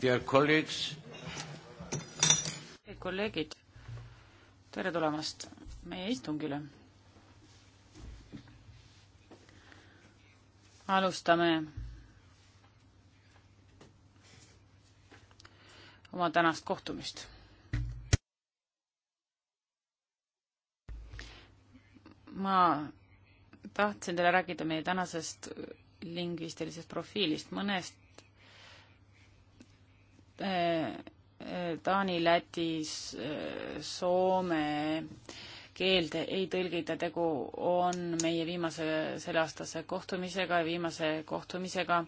Dear colleagues. kolleegid, tere tulemast meie istungile. alustame oma tänast kohtumist. ma tahtsin teile rääkida meie tänasest lingvistilisest profiilist, mõnest Äh, Taani, Läti, äh, Soome keelde ei tõlgita, tegu on meie viimase selleaastase kohtumisega ja viimase kohtumisega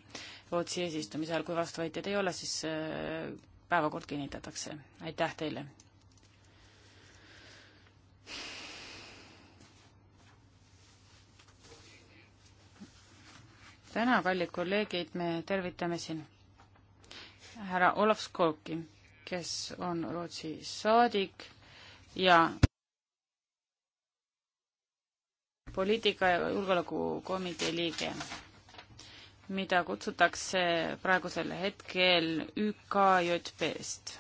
Rootsi eesistumise ajal, kui vastuvõtjaid ei ole, siis äh, päevakord kinnitatakse. aitäh teile! täna, kallid kolleegid, me tervitame siin härra Olav Skolki, kes on Rootsi saadik ja poliitika ja julgeolekukomitee liige, mida kutsutakse praegusel hetkel ÜKJP-st.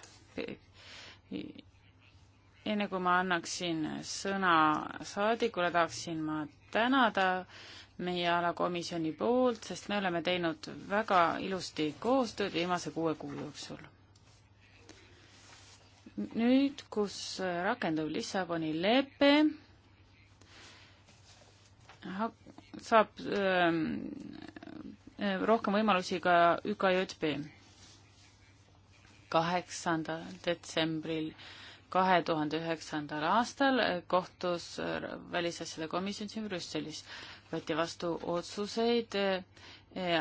enne kui ma annaksin sõna saadikule, tahaksin ma tänada meie alakomisjoni poolt, sest me oleme teinud väga ilusti koostööd viimase kuue kuu jooksul. nüüd, kus rakendub Lissaboni lepe, saab öö, ähm, äh, rohkem võimalusi ka ÜKJP. kaheksandal detsembril kahe tuhande üheksandal aastal kohtus Välisasjade komisjon siin Brüsselis võeti vastu otsuseid eh,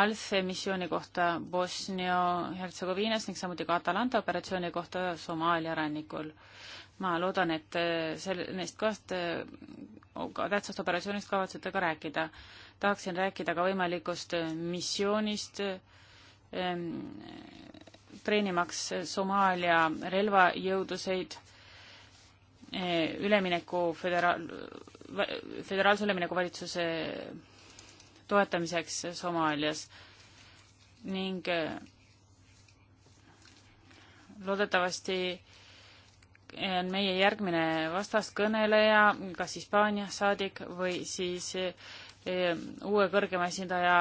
Alfe missiooni kohta Bosnia-Hertsegoviinas ning samuti ka Atalanta operatsiooni kohta Somaalia rannikul. ma loodan, et eh, sel-, neist kahest eh, ka tähtsast operatsioonist kavatsete ka rääkida. tahaksin rääkida ka võimalikust missioonist ähm, treenimaks Somaalia relvajõuduseid äh, ülemineku föderaal-, föderaalse ülemineku valitsuse toetamiseks Somaalias ning äh, loodetavasti äh, on meie järgmine vastaskõneleja kas Hispaania saadik või siis äh, uue kõrgema esindaja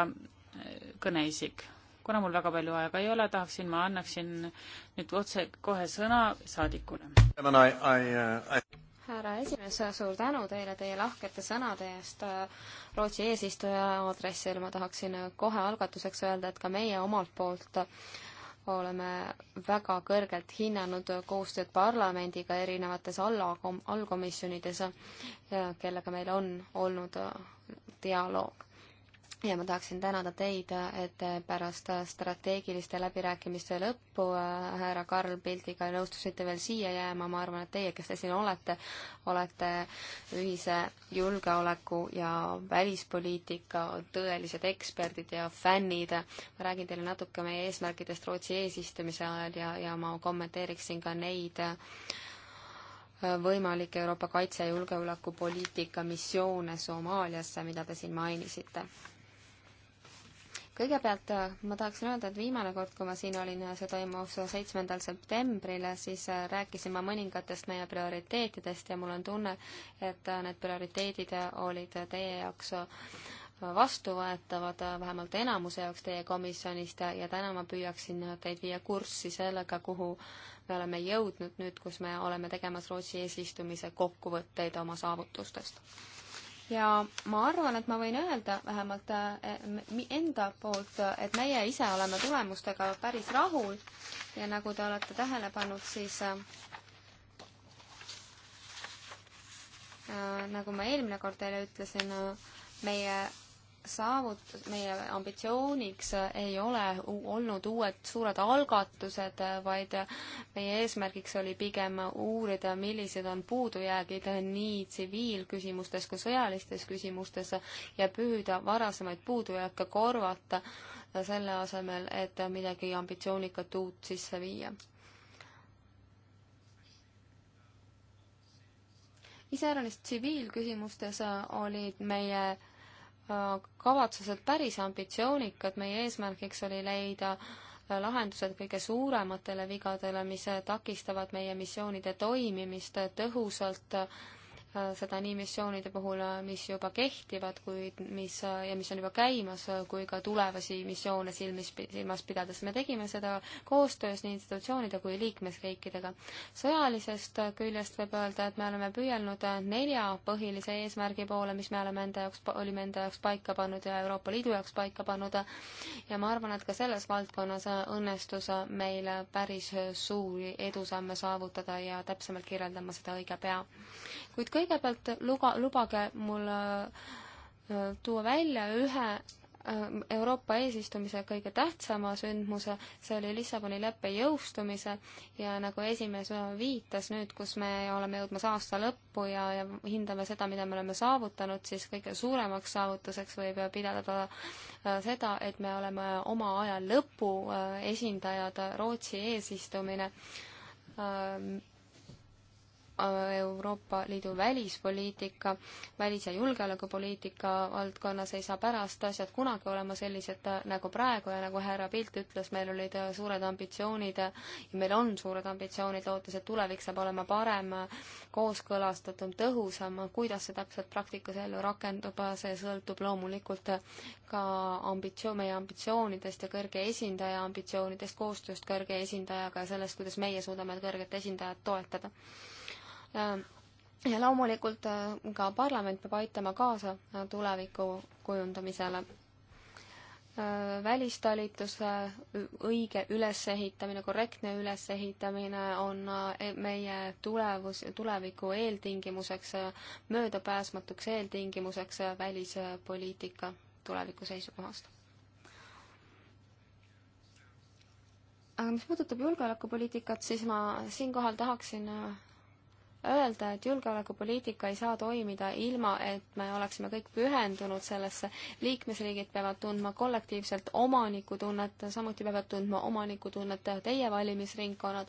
kõneisik. kuna mul väga palju aega ei ole, tahaksin, ma annaksin nüüd otse kohe sõna saadikule. Uh, härra esimees, suur tänu teile teie lahkete sõnade eest Rootsi eesistuja aadressil. ma tahaksin kohe algatuseks öelda, et ka meie omalt poolt oleme väga kõrgelt hinnanud koostööd parlamendiga erinevates allkom-, allkomisjonides, kellega meil on olnud dialoog ja ma tahaksin tänada teid, et pärast strateegiliste läbirääkimiste lõppu äh, härra Karl Pildiga nõustusite veel siia jääma, ma arvan, et teie, kes te siin olete, olete ühise julgeoleku ja välispoliitika tõelised eksperdid ja fännid. ma räägin teile natuke meie eesmärkidest Rootsi eesistumise ajal ja, ja ma kommenteeriksin ka neid äh, võimalikke Euroopa kaitse- ja julgeolekupoliitika missioone Somaaliasse, mida te siin mainisite kõigepealt äh, ma tahaksin öelda, et viimane kord, kui ma siin olin, äh, see toimus äh, seitsmendal septembril, siis rääkisin ma mõningatest meie prioriteetidest ja mul on tunne, et need prioriteedid olid teie jaoks vastuvõetavad, vähemalt enamuse jaoks teie komisjonist ja täna ma püüaksin teid viia kurssi sellega, kuhu me oleme jõudnud nüüd, kus me oleme tegemas Rootsi eesistumise kokkuvõtteid oma saavutustest ja ma arvan, et ma võin öelda vähemalt eh, enda poolt, et meie ise oleme tulemustega päris rahul ja nagu te olete tähele pannud, siis äh, nagu ma eelmine kord teile ütlesin, meie saavut-, meie ambitsiooniks ei ole olnud uued suured algatused, vaid meie eesmärgiks oli pigem uurida, millised on puudujäägid nii tsiviilküsimustes kui sõjalistes küsimustes ja püüda varasemaid puudujääke korvata selle asemel, et midagi ambitsioonikat uut sisse viia. iseäranis tsiviilküsimustes olid meie Äh, kavatsused päris ambitsioonikad, meie eesmärgiks oli leida äh, lahendused kõige suurematele vigadele, mis äh, takistavad meie missioonide toimimist tõhusalt äh, Äh, seda nii missioonide puhul, äh, mis juba kehtivad, kuid mis äh, ja mis on juba käimas, kui ka tulevasi missioone silmis, silmas pidades. me tegime seda koostöös nii institutsioonide kui liikmesriikidega. sõjalisest küljest võib öelda, et me oleme püüelnud nelja põhilise eesmärgi poole, mis me oleme enda jaoks, olime enda jaoks paika pannud ja Euroopa Liidu jaoks paika pannud ja ma arvan, et ka selles valdkonnas õnnestus meil päris suuri edusamme saavutada ja täpsemalt kirjeldan ma seda õige pea. kuid kõik kõigepealt luba, lubage mul äh, äh, tuua välja ühe äh, Euroopa eesistumise kõige tähtsama sündmuse, see oli Lissaboni leppe jõustumise ja nagu esimees viitas nüüd, kus me oleme jõudmas aasta lõppu ja, ja hindame seda, mida me oleme saavutanud, siis kõige suuremaks saavutuseks võib pidada seda, et me oleme oma aja lõpu esindajad, Rootsi eesistumine Euroopa Liidu välispoliitika, välis- ja julgeolekupoliitika valdkonnas ei saa pärast asjad kunagi olema sellised äh, nagu praegu ja nagu härra Pilt ütles, meil olid äh, suured ambitsioonid äh, ja meil on suured ambitsioonid, lootes, et tulevik saab olema parem, kooskõlastatum, tõhusam, kuidas see täpselt praktikas ellu rakendub, see sõltub loomulikult ka ambitsioon, meie ambitsioonidest ja kõrge esindaja ambitsioonidest, koostööst kõrge esindajaga ja sellest, kuidas meie suudame kõrget esindajat toetada Äh, ja loomulikult äh, ka parlament peab aitama kaasa äh, tuleviku kujundamisele. välistalituse õige ülesehitamine, korrektne ülesehitamine on e-, meie tulevus, tuleviku eeltingimuseks, möödapääsmatuks eeltingimuseks välispoliitika tuleviku seisukohast. aga mis puudutab julgeolekupoliitikat, siis ma siinkohal tahaksin öelda, et julgeolekupoliitika ei saa toimida ilma, et me oleksime kõik pühendunud sellesse. liikmesriigid peavad tundma kollektiivselt omanikutunnet, samuti peavad tundma omanikutunnet teie valimisringkonnad.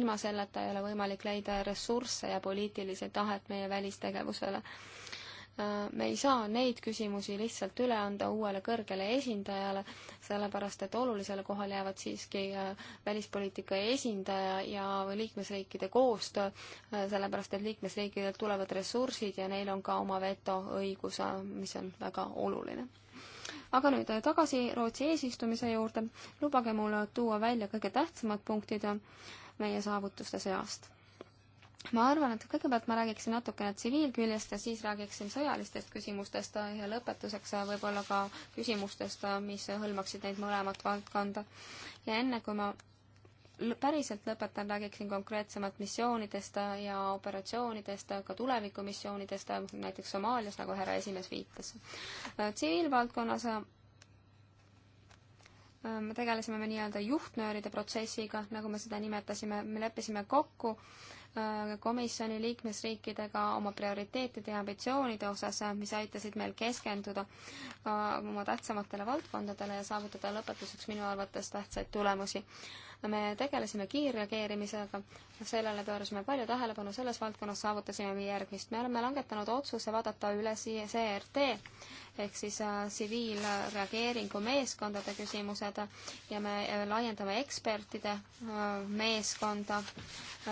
ilma selleta ei ole võimalik leida ressursse ja poliitilisi tahet meie välistegevusele Äh, me ei saa neid küsimusi lihtsalt üle anda uuele kõrgele esindajale, sellepärast et olulisele kohale jäävad siiski äh, välispoliitika esindaja ja liikmesriikide koostöö, äh, sellepärast et liikmesriikidelt tulevad ressursid ja neil on ka oma vetoõigus, mis on väga oluline aga nüüd tagasi Rootsi eesistumise juurde, lubage mul tuua välja kõige tähtsamad punktid meie saavutuste seast ma arvan, et kõigepealt ma räägiksin natukene tsiviilküljest ja siis räägiksin sõjalistest küsimustest ja lõpetuseks võib-olla ka küsimustest, mis hõlmaksid neid mõlemat valdkonda. ja enne, kui ma päriselt lõpetan, räägiksin konkreetsemalt missioonidest ja operatsioonidest, ka tulevikumissioonidest, näiteks Somaalias, nagu härra esimees viitas. tsiviilvaldkonnas me tegelesime me nii-öelda juhtnööride protsessiga, nagu me seda nimetasime, me leppisime kokku äh, Äh, komisjoni liikmesriikidega oma prioriteetide ja ambitsioonide osas, äh, mis aitasid meil keskenduda äh, oma tähtsamatele valdkondadele ja saavutada lõpetuseks minu arvates tähtsaid tulemusi me tegelesime kiirreageerimisega, sellele pöörasime palju tähelepanu, selles valdkonnas saavutasime me järgmist. me oleme langetanud otsuse vaadata üle siia CRT ehk siis tsiviilreageeringu äh, meeskondade küsimused ja me äh, laiendame ekspertide äh, meeskonda.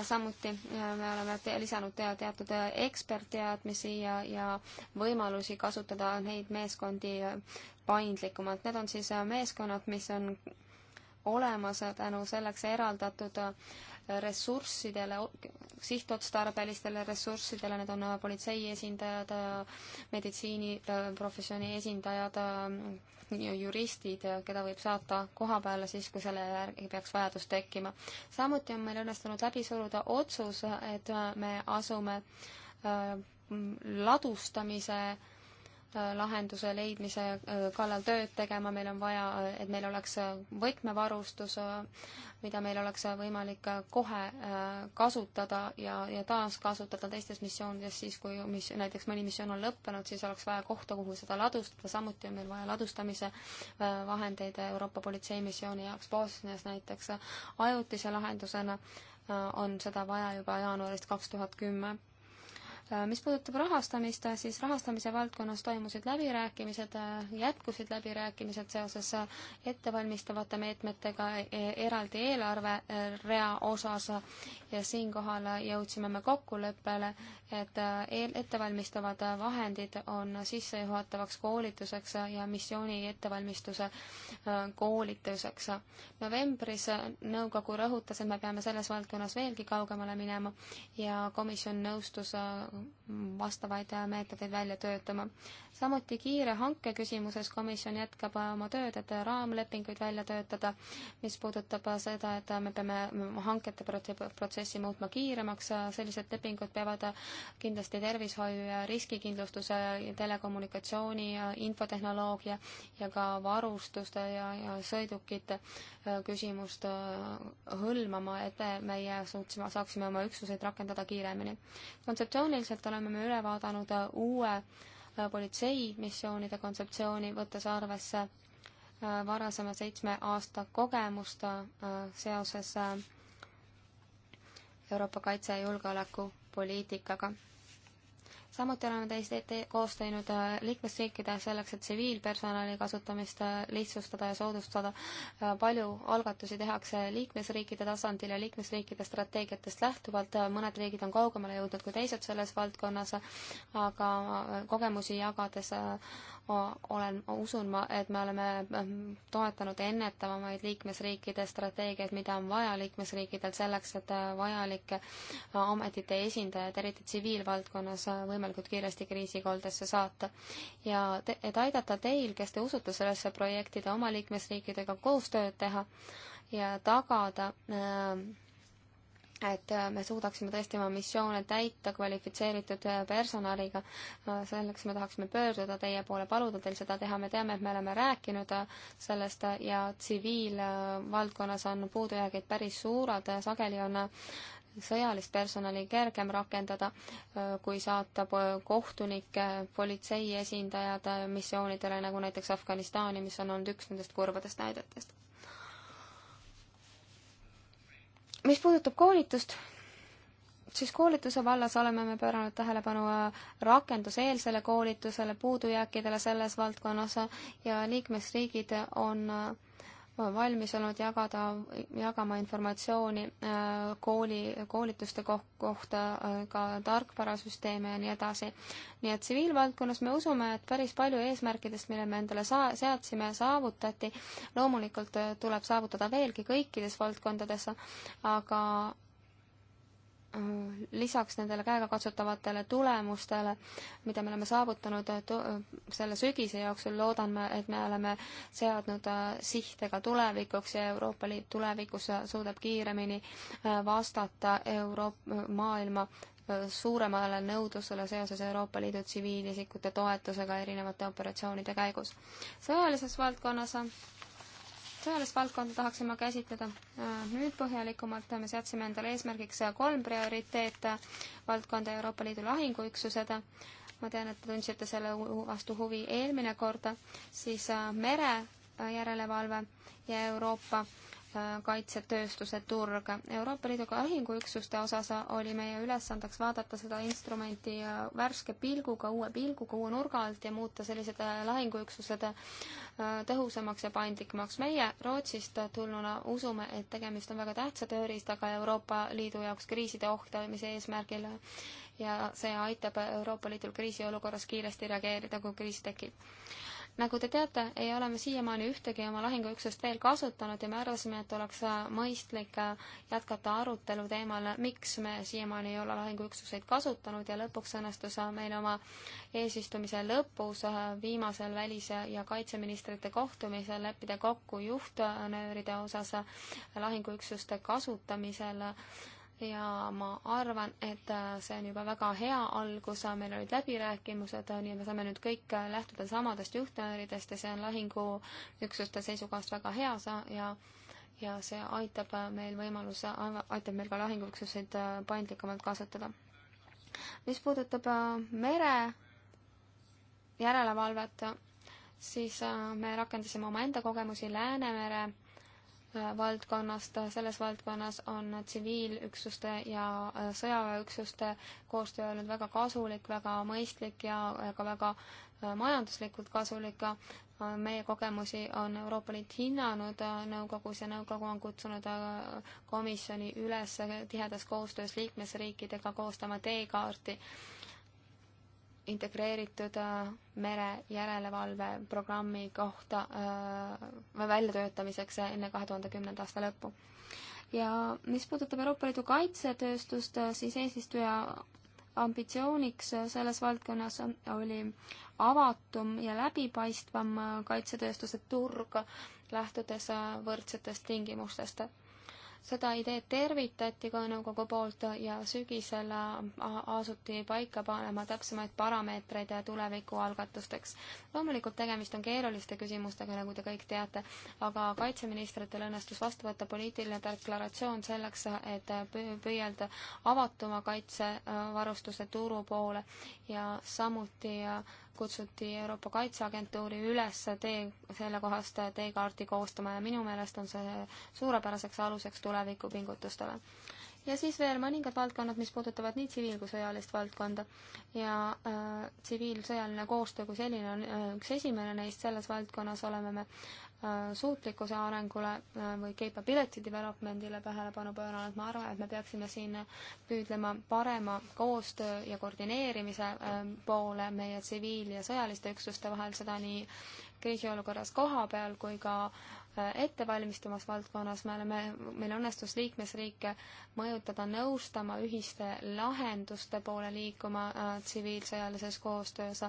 samuti äh, me oleme te lisanud te teatud äh, ekspertteadmisi ja, ja võimalusi kasutada neid meeskondi äh, paindlikumalt. Need on siis meeskonnad, mis on olemas tänu selleks eraldatud ressurssidele, sihtotstarbelistele ressurssidele, need on politsei esindajad, meditsiiniprofessiooni esindajad, juristid, keda võib saata koha peale siis, kui selle järgi peaks vajadus tekkima. samuti on meil õnnestunud läbi suruda otsus, et me asume äh, ladustamise Äh, lahenduse leidmise äh, kallal tööd tegema, meil on vaja, äh, et meil oleks võtmevarustus, mida meil oleks võimalik kohe kasutada ja, ja taaskasutada teistes missioonides, siis kui mis, näiteks mõni missioon on lõppenud, siis oleks vaja kohta, kuhu seda ladustada, samuti on meil vaja ladustamise vahendeid Euroopa politseimissiooni jaoks Bosnias näiteks ajutise lahendusena on seda vaja juba jaanuarist kaks tuhat kümme Äh, mis puudutab rahastamist, äh, siis rahastamise valdkonnas toimusid läbirääkimised, äh, jätkusid läbirääkimised seoses ettevalmistavate meetmetega e, e, eraldi eelarverea osas ja siinkohal jõudsime me kokkuleppele, et ettevalmistavad vahendid on sissejuhatavaks koolituseks ja missiooni ettevalmistuse koolituseks. novembris nõukogu rõhutas, et me peame selles valdkonnas veelgi kaugemale minema ja komisjon nõustus vastavaid meetodeid välja töötama. samuti kiire hanke küsimuses komisjon jätkab oma tööd, et raamlepinguid välja töötada, mis puudutab seda, et me peame hankete protsessi muutma kiiremaks, sellised lepingud peavad kindlasti tervishoiu ja riskikindlustuse, telekommunikatsiooni ja infotehnoloogia ja ka varustuste ja, ja sõidukite küsimust hõlmama, et meie suutsime, saaksime oma üksuseid rakendada kiiremini. kontseptsiooniliselt paralleelselt oleme me üle vaadanud äh, uue äh, politseimissioonide kontseptsiooni, võttes arvesse äh, varasema seitsme aasta kogemust seoses Euroopa kaitse- ja julgeolekupoliitikaga samuti oleme teist koos teinud äh, liikmesriikide selleks, et tsiviilpersonali kasutamist äh, lihtsustada ja soodustada. Äh, palju algatusi tehakse liikmesriikide tasandil ja liikmesriikide strateegiatest lähtuvalt, mõned riigid on kaugemale jõudnud kui teised selles valdkonnas, aga kogemusi jagades olen, usun ma, et me oleme toetanud ennetavamaid liikmesriikide strateegiaid, mida on vaja liikmesriikidel selleks, et vajalike ametite esindajaid, eriti tsiviilvaldkonnas, võimalikult võimalikult kiiresti kriisikoldesse saata. ja te, et aidata teil, kes te usute sellesse projekti, oma liikmesriikidega koostööd teha ja tagada äh, et me suudaksime tõesti oma missioone täita kvalifitseeritud äh, personaliga, äh, selleks me tahaksime pöörduda teie poole, paluda teil seda teha, me teame, et me oleme rääkinud äh, sellest ja tsiviilvaldkonnas on puudujäägid päris suured, sageli on sõjalist personali kergem rakendada, äh, kui saata kohtunikke, politsei esindajad äh, missioonidele, nagu näiteks Afganistani, mis on olnud üks nendest kurvadest näidetest. mis puudutab koolitust, siis koolituse vallas oleme me pööranud tähelepanu äh, rakenduseelsele koolitusele, puudujääkidele selles valdkonnas ja liikmesriigid on valmis olnud jagada, jagama informatsiooni äh, kooli, koolituste kohta, äh, ka tarkvarasüsteeme ja nii edasi. nii et tsiviilvaldkonnas me usume, et päris palju eesmärkidest, mille me endale saa-, seadsime, saavutati. loomulikult äh, tuleb saavutada veelgi kõikides valdkondades, aga Äh, lisaks nendele käegakatsutavatele tulemustele, mida me oleme saavutanud äh, äh, selle sügise jooksul, loodan ma, et me oleme seadnud sihte ka tulevikuks ja Euroopa Liit tulevikus suudab kiiremini vastata Euroop-, maailma suuremale nõudlusele seoses Euroopa Liidu tsiviilisikute toetusega erinevate operatsioonide käigus. sõjalises valdkonnas teadusvaldkonda tahaksin ma käsitleda nüüd põhjalikumalt. me seadsime endale eesmärgiks kolm prioriteetvaldkonda Euroopa Liidu lahinguüksused. ma tean, et te tundsite selle vastu huvi eelmine kord, siis mere järelevalve ja Euroopa kaitsetööstuse turg. Euroopa Liidu lahinguüksuste osas oli meie ülesandeks vaadata seda instrumenti värske pilguga, uue pilguga, uue nurga alt ja muuta sellised äh, lahinguüksused äh, tõhusamaks ja paindlikumaks. meie Rootsist tulnuna usume, et tegemist on väga tähtsa tööriistaga Euroopa Liidu jaoks kriiside ohtamise eesmärgil ja see aitab Euroopa Liidul kriisiolukorras kiiresti reageerida, kui kriis tekib nagu te teate, ei ole me siiamaani ühtegi oma lahinguüksust veel kasutanud ja me arvasime, et oleks äh, mõistlik äh, jätkata arutelu teemal, miks me siiamaani ei ole lahinguüksuseid kasutanud ja lõpuks õnnestus äh, meil oma eesistumise lõpus viimasel välis- ja kaitseministrite kohtumisel leppida kokku juhtnööride osas lahinguüksuste kasutamisel ja ma arvan, et äh, see on juba väga hea algus, meil olid läbirääkimused, äh, nii et me saame nüüd kõik äh, lähtuda samadest juhtnööridest ja see on lahinguüksuste seisukohast väga hea sa- ja ja see aitab meil võimaluse, aitab meil ka lahinguüksuseid paindlikumalt kasutada. mis puudutab mere järelevalvet, siis me rakendasime omaenda kogemusi Läänemere valdkonnast, selles valdkonnas on tsiviilüksuste ja äh, sõjaväeüksuste koostöö olnud väga kasulik, väga mõistlik ja ka väga äh, majanduslikult kasulik. Äh, meie kogemusi on Euroopa Liit hinnanud nõukogus ja nõukogu on kutsunud komisjoni üles tihedas koostöös liikmesriikidega koostama teekaarti integreeritud äh, mere järelevalve programmi kohta äh, või väljatöötamiseks enne kahe tuhande kümnenda aasta lõppu. ja mis puudutab Euroopa Liidu kaitsetööstust, äh, siis eesistuja ambitsiooniks selles valdkonnas oli avatum ja läbipaistvam kaitsetööstuse turg, lähtudes võrdsetest tingimustest seda ideed tervitati ka nõukogu poolt ja sügisel asuti paika panema täpsemaid parameetreid tulevikualgatusteks. loomulikult tegemist on keeruliste küsimustega, nagu te kõik teate, aga kaitseministritel õnnestus vastu võtta poliitiline deklaratsioon selleks, et püüelda avatuma kaitsevarustuse turu poole ja samuti kutsuti Euroopa Kaitseagentuuri üles tee, sellekohast teekaarti koostama ja minu meelest on see suurepäraseks aluseks tulevikule tulevikupingutustele. ja siis veel mõningad valdkonnad, mis puudutavad nii tsiviil- kui sõjalist valdkonda ja äh, tsiviilsõjaline koostöö kui selline on äh, üks esimene neist, selles valdkonnas oleme me äh, suutlikkuse arengule äh, või capability development'ile tähelepanu pööranud, ma arvan, et me peaksime siin püüdlema parema koostöö ja koordineerimise äh, poole meie tsiviil- ja sõjaliste üksuste vahel, seda nii kriisiolukorras koha peal kui ka äh, ettevalmistumas valdkonnas, me oleme, meil õnnestus liikmesriike mõjutada nõustama ühiste lahenduste poole liikuma äh, tsiviilsõjalises äh, koostöös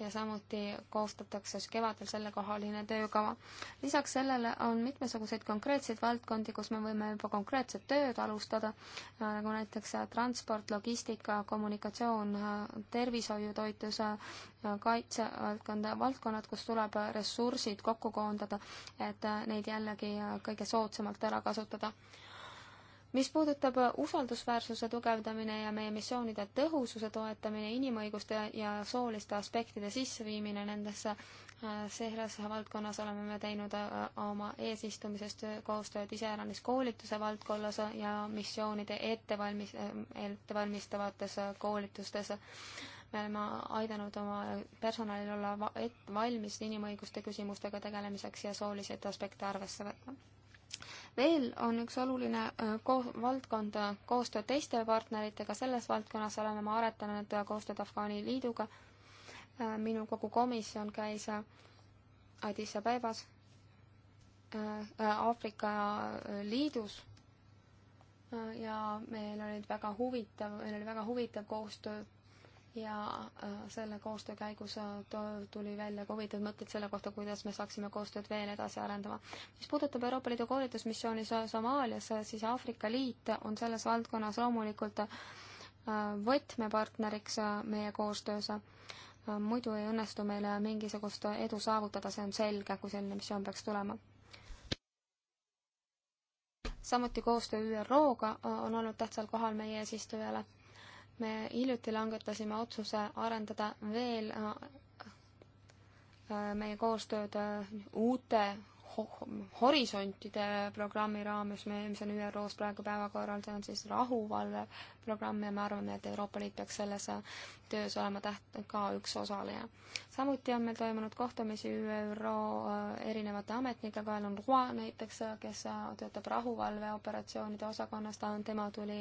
ja samuti koostatakse siis kevadel sellekohaline töökava. lisaks sellele on mitmesuguseid konkreetseid valdkondi, kus me võime juba konkreetset tööd alustada äh,, nagu näiteks äh, transport, logistika, kommunikatsioon, äh, tervishoiutoitlus, äh, kaitsevaldkonda, valdkonnad, kus tuleb ressursid kokku koondada, et neid jällegi kõige soodsamalt ära kasutada. mis puudutab usaldusväärsuse tugevdamine ja meie missioonide tõhususe toetamine, inimõiguste ja sooliste aspektide sisseviimine nendesse, äh, selles valdkonnas oleme me teinud äh, oma eesistumisest koostööd iseäranis koolituse valdkonnas ja missioonide ettevalmis-, äh, ettevalmistavates koolitustes me oleme aidanud oma personalil olla valmis inimõiguste küsimustega tegelemiseks ja sooliseid aspekte arvesse võtma. veel on üks oluline äh, ko-, valdkond äh, koostöö teiste partneritega, selles valdkonnas oleme me aretanud äh, koostööd Afgaani liiduga, minu kogu komisjon käis Addis Abebas Aafrika Liidus ja meil olid väga huvitav, meil oli väga huvitav koostöö ja äh, selle koostöö käigus äh, tuli välja ka huvitavad mõtted selle kohta, kuidas me saaksime koostööd veel edasi arendama. mis puudutab Euroopa Liidu koolitusmissiooni Somaalias, äh, siis Aafrika Liit on selles valdkonnas loomulikult võtmepartneriks meie koostöös. muidu ei õnnestu meile mingisugust edu saavutada, see on selge, kui selline missioon peaks tulema samuti koostöö ÜRO-ga on olnud tähtsal kohal meie eesistujale me hiljuti langetasime otsuse arendada veel äh, äh, meie koostööd äh, uute horisontide programmi raames, mis on ÜRO-s praegu päevakorral, see on siis rahuvalve programmi ja me arvame, et Euroopa Liit peaks selles töös olema täht-, ka üks osaleja. samuti on meil toimunud kohtumisi ÜRO äh, erinevate ametnikega, Alan Roy näiteks, äh, kes äh, töötab rahuvalveoperatsioonide osakonnas, ta on, tema tuli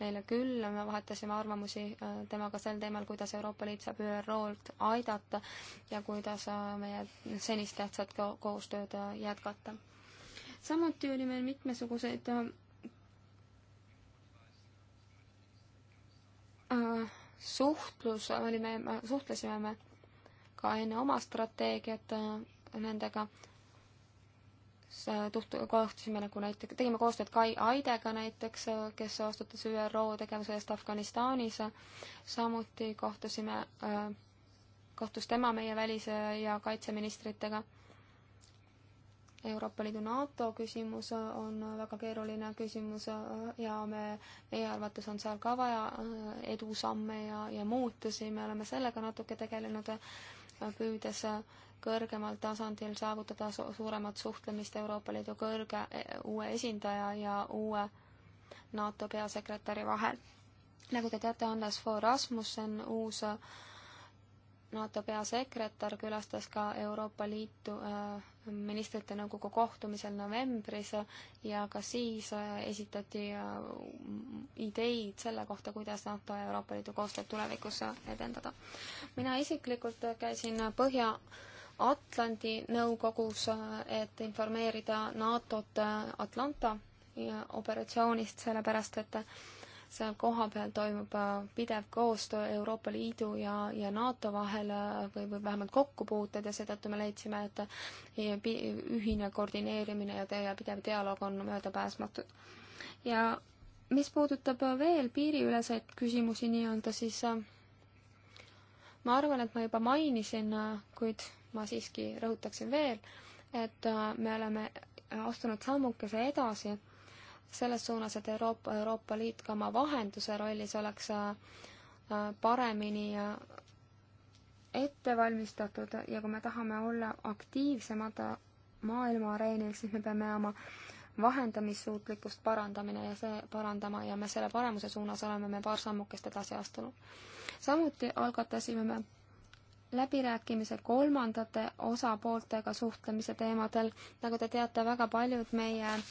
meile külla, me vahetasime arvamusi temaga sel teemal, kuidas Euroopa Liit saab ÜRO-lt aidata ja kuidas meie senist tähtsat koostööd jätkata samuti oli meil mitmesuguseid Äh, suhtlus oli me, suhtlesime me ka enne oma strateegiat äh, nendega, äh, tuht-, kohtusime nagu näiteks, tegime koostööd Kai Aidega näiteks, kes vastutas ÜRO tegevuse eest Afganistanis, samuti kohtusime, kohtus tema meie välis- ja kaitseministritega Euroopa Liidu NATO küsimus on väga keeruline küsimus ja me, meie arvates on seal ka vaja äh, edusamme ja, ja muutusi, me oleme sellega natuke tegelenud, püüdes kõrgemal tasandil saavutada suuremat suhtlemist Euroopa Liidu kõrge äh, uue esindaja ja uue NATO peasekretäri vahel. nagu te teate, Hannes Foor Rasmussen, uus äh, NATO peasekretär külastas ka Euroopa Liitu ministrite nõukogu kohtumisel novembris ja ka siis äh, esitati äh, ideid selle kohta, kuidas NATO ja Euroopa Liidu koostööd tulevikus äh, edendada. mina isiklikult käisin Põhja Atlandi nõukogus, et informeerida NATO-t Atlanta operatsioonist, sellepärast et seal kohapeal toimub äh, pidev koostöö Euroopa Liidu ja, ja NATO vahel äh, või, või vähemalt kokkupuuted ja seetõttu me leidsime, et äh, ühine koordineerimine ja teie pidev dialoog on möödapääsmatud. ja mis puudutab veel piiriüleseid küsimusi nii-öelda, siis ma arvan, et ma juba mainisin, kuid ma siiski rõhutaksin veel, et me oleme astunud sammukese edasi selles suunas, et Euroopa, Euroopa Liit ka oma vahenduse rollis oleks äh, äh, paremini äh, ette valmistatud ja kui me tahame olla aktiivsemad maailma areenil, siis me peame oma vahendamissuutlikkust parandamine ja see parandama ja me selle paremuse suunas oleme me paar sammukest edasi astunud. samuti algatasime me läbirääkimise kolmandate osapooltega suhtlemise teemadel, nagu te teate, väga paljud meie äh,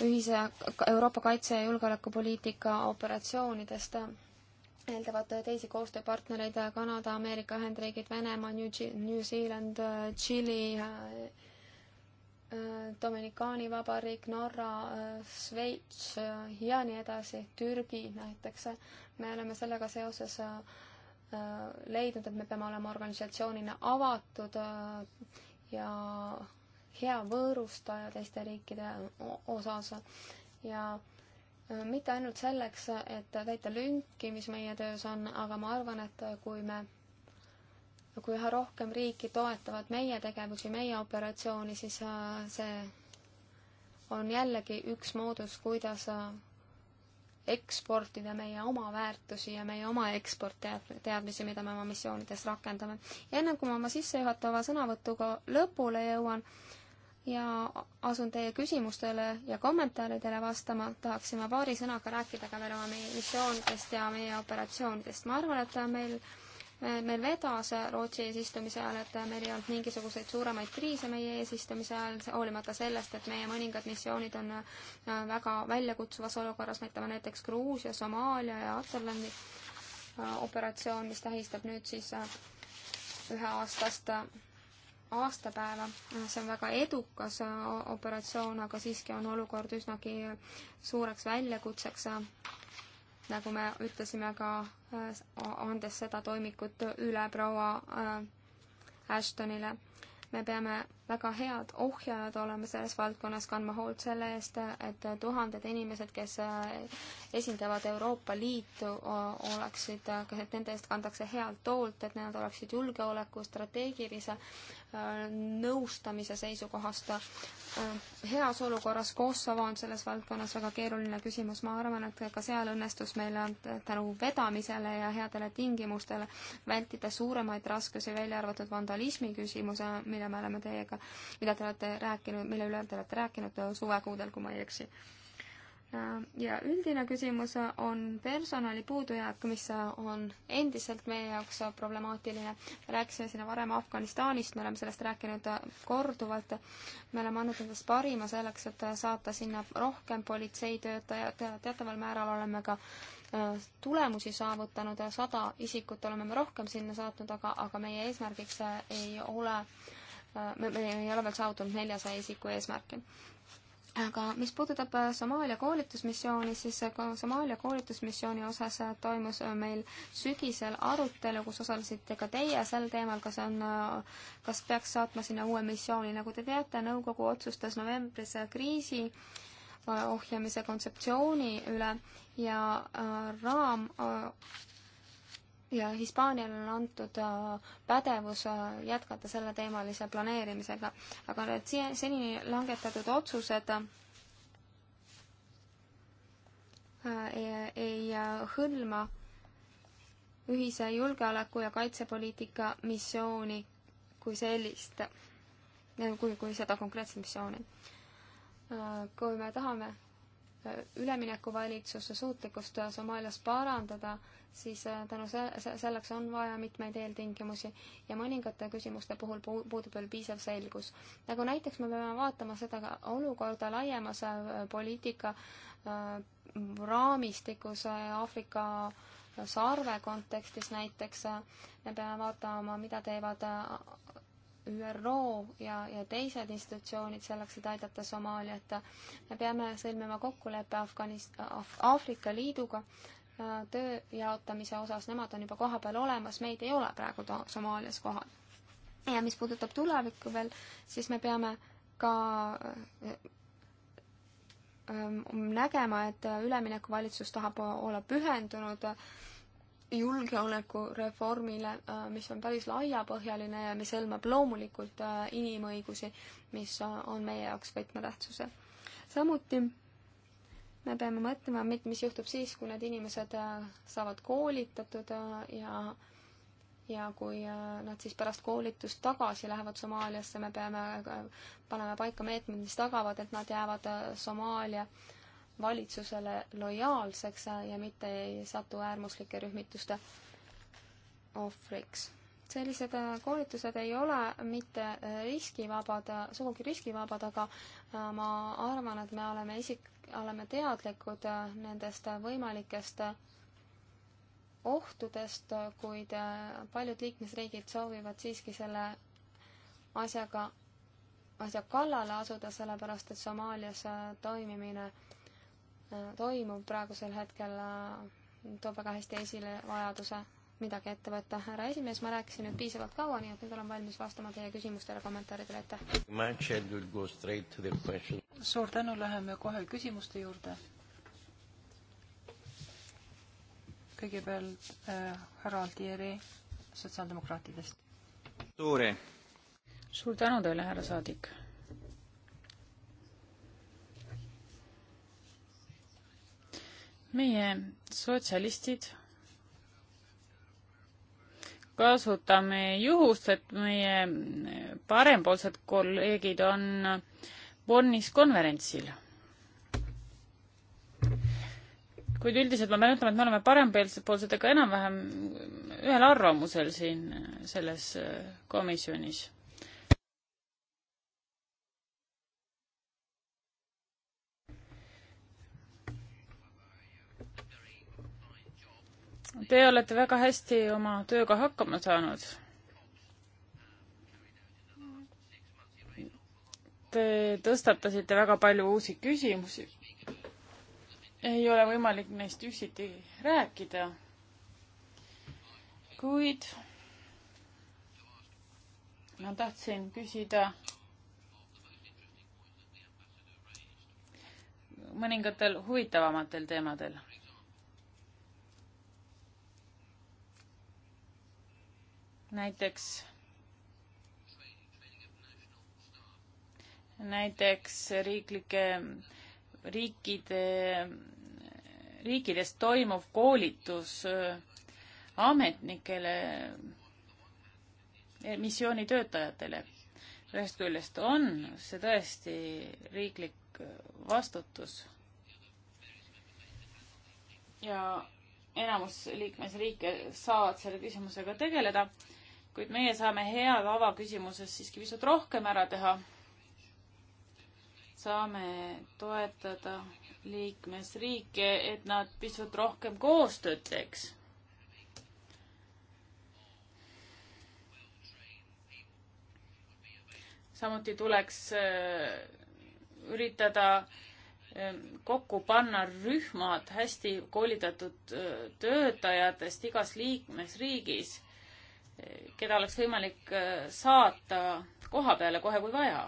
ühise Euroopa kaitse- ja julgeolekupoliitika operatsioonidest eeldavad teisi koostööpartnereid Kanada, Ameerika Ühendriigid, Venemaa, New Zealand, Tšiili, Dominikaani Vabariik, Norra, Šveits ja nii edasi, Türgi näiteks. me oleme sellega seoses leidnud, et me peame olema organisatsioonina avatud ja hea võõrustaja teiste riikide osas ja äh, mitte ainult selleks, et täita lünki, mis meie töös on, aga ma arvan, et kui me, kui üha rohkem riiki toetavad meie tegevusi, meie operatsiooni, siis äh, see on jällegi üks moodus, kuidas äh, eksportida meie oma väärtusi ja meie oma eksportteadmisi, mida me oma missioonides rakendame. ja enne kui ma oma sissejuhatava sõnavõtuga lõpule jõuan, ja asun teie küsimustele ja kommentaaridele vastama, tahaksin ma paari sõnaga rääkida ka veel oma meie missioonidest ja meie operatsioonidest. ma arvan, et meil meil vedas Rootsi eesistumise ajal, et meil ei olnud mingisuguseid suuremaid kriise meie eesistumise ajal, hoolimata sellest, et meie mõningad missioonid on äh, väga väljakutsuvas olukorras, näitame näiteks Gruusia, Somaalia ja Atlandi äh, operatsioon, mis tähistab nüüd siis äh, üheaastast aastapäeva. see on väga edukas äh, operatsioon, aga siiski on olukord üsnagi äh, suureks väljakutseks, äh, nagu me ütlesime ka, andes seda toimikut üle proua Ashtonile. me peame väga head ohjajad olema selles valdkonnas, kandma hoolt selle eest, et tuhanded inimesed, kes eh, esindavad Euroopa Liitu, oleksid, eh, et nende eest kandakse head toolt, et nad oleksid julgeoleku strateegilise eh, nõustamise seisukohast heas olukorras. Kosovo on selles valdkonnas väga keeruline küsimus, ma arvan, et ka seal õnnestus meil tänu vedamisele ja headele tingimustele vältida suuremaid raskusi, välja arvatud vandalismi küsimuse, mille me oleme teiega mida te olete rääkinud, mille üle te olete rääkinud suvekuudel, kui ma ei eksi. ja üldine küsimus on personali puudujääk, mis on endiselt meie jaoks problemaatiline. rääkisime siin varem Afganistanist, me oleme sellest rääkinud korduvalt. me oleme andnud endast parima selleks, et saata sinna rohkem politseitöötajad, teataval määral oleme ka äh, tulemusi saavutanud ja sada isikut oleme me rohkem sinna saatnud, aga, aga meie eesmärgiks ei ole äh, me, me ei ole veel saavutanud neljasaja isiku eesmärki. aga mis puudutab äh, Somaalia koolitusmissiooni, siis äh, Somaalia koolitusmissiooni osas äh, toimus meil sügisel arutelu, kus osalesite ka teie sel teemal, kas on, kas peaks saatma sinna uue missiooni, nagu te teate, nõukogu otsustas novembris kriisi ohjamise kontseptsiooni üle ja raam ja Hispaaniale on antud äh, pädevus äh, jätkata selleteemalise planeerimisega. aga need seni langetatud otsused äh, ei hõlma ühise julgeoleku- ja kaitsepoliitika missiooni kui sellist, nagu kui, kui seda konkreetset missiooni. kui me tahame üleminekuvalitsuse suutlikkust Somaalias parandada, siis äh, tänu selleks on vaja mitmeid eeltingimusi ja mõningate küsimuste puhul puudub veel piisav selgus. nagu näiteks me peame vaatama seda olukorda laiemas äh, poliitika äh, raamistikus Aafrika sarve kontekstis näiteks, me peame vaatama, mida teevad ÜRO ja, ja teised institutsioonid selleks, et aidata Somaaliat. me peame sõlmima kokkuleppe Afganis- Af,, Aafrika Liiduga Äh, töö jaotamise osas, nemad on juba kohapeal olemas, meid ei ole praegu Somaalias kohal. ja mis puudutab tulevikku veel, siis me peame ka äh, äh, nägema, et üleminekuvalitsus tahab olla pühendunud julgeolekureformile, mis on päris laiapõhjaline ja mis hõlmab loomulikult inimõigusi, mis on meie jaoks võtmetähtsuse. samuti me peame mõtlema, mis juhtub siis, kui need inimesed äh, saavad koolitatud äh, ja ja kui äh, nad siis pärast koolitust tagasi lähevad Somaaliasse, me peame, paneme paika meetmed, mis tagavad, et nad jäävad Somaalia valitsusele lojaalseks ja mitte ei satu äärmuslike rühmituste ohvriks. sellised koolitused ei ole mitte riskivabad, sugugi riskivabad, aga ma arvan, et me oleme isik, oleme teadlikud äh, nendest võimalikest äh, ohtudest, äh, kuid paljud liikmesriigid soovivad siiski selle asjaga, asja kallale asuda, sellepärast et Somaalias toimimine, toimub praegusel hetkel, toob väga hästi esile vajaduse midagi ette võtta. härra esimees, ma rääkisin nüüd piisavalt kaua, nii et nüüd olen valmis vastama teie küsimustele, kommentaaridele, aitäh! suur tänu, läheme kohe küsimuste juurde. kõigepealt äh, härra äh, Altieri sotsiaaldemokraatidest. suur tänu teile, härra saadik. meie sotsialistid kasutame juhust, et meie parempoolsed kolleegid on äh, Bonnis konverentsil. kuid üldiselt ma pean ütlema, et me oleme parempoolsetega enam-vähem ühel arvamusel siin selles äh, komisjonis Te olete väga hästi oma tööga hakkama saanud Te tõstatasite väga palju uusi küsimusi. ei ole võimalik neist üksiti rääkida. kuid ma tahtsin küsida mõningatel huvitavamatel teemadel. näiteks näiteks riiklike, riikide, riikides toimuv koolitus äh, ametnikele, eh, missioonitöötajatele. ühest küljest on see tõesti riiklik äh, vastutus ja enamus liikmesriike saavad selle küsimusega tegeleda, kuid meie saame hea tava küsimuses siiski pisut rohkem ära teha saame toetada liikmesriike, et nad pisut rohkem koostööd teeks. samuti tuleks äh, üritada äh, kokku panna rühmad hästi koolitatud äh, töötajatest igas liikmesriigis, keda oleks võimalik saata koha peale kohe, kui vaja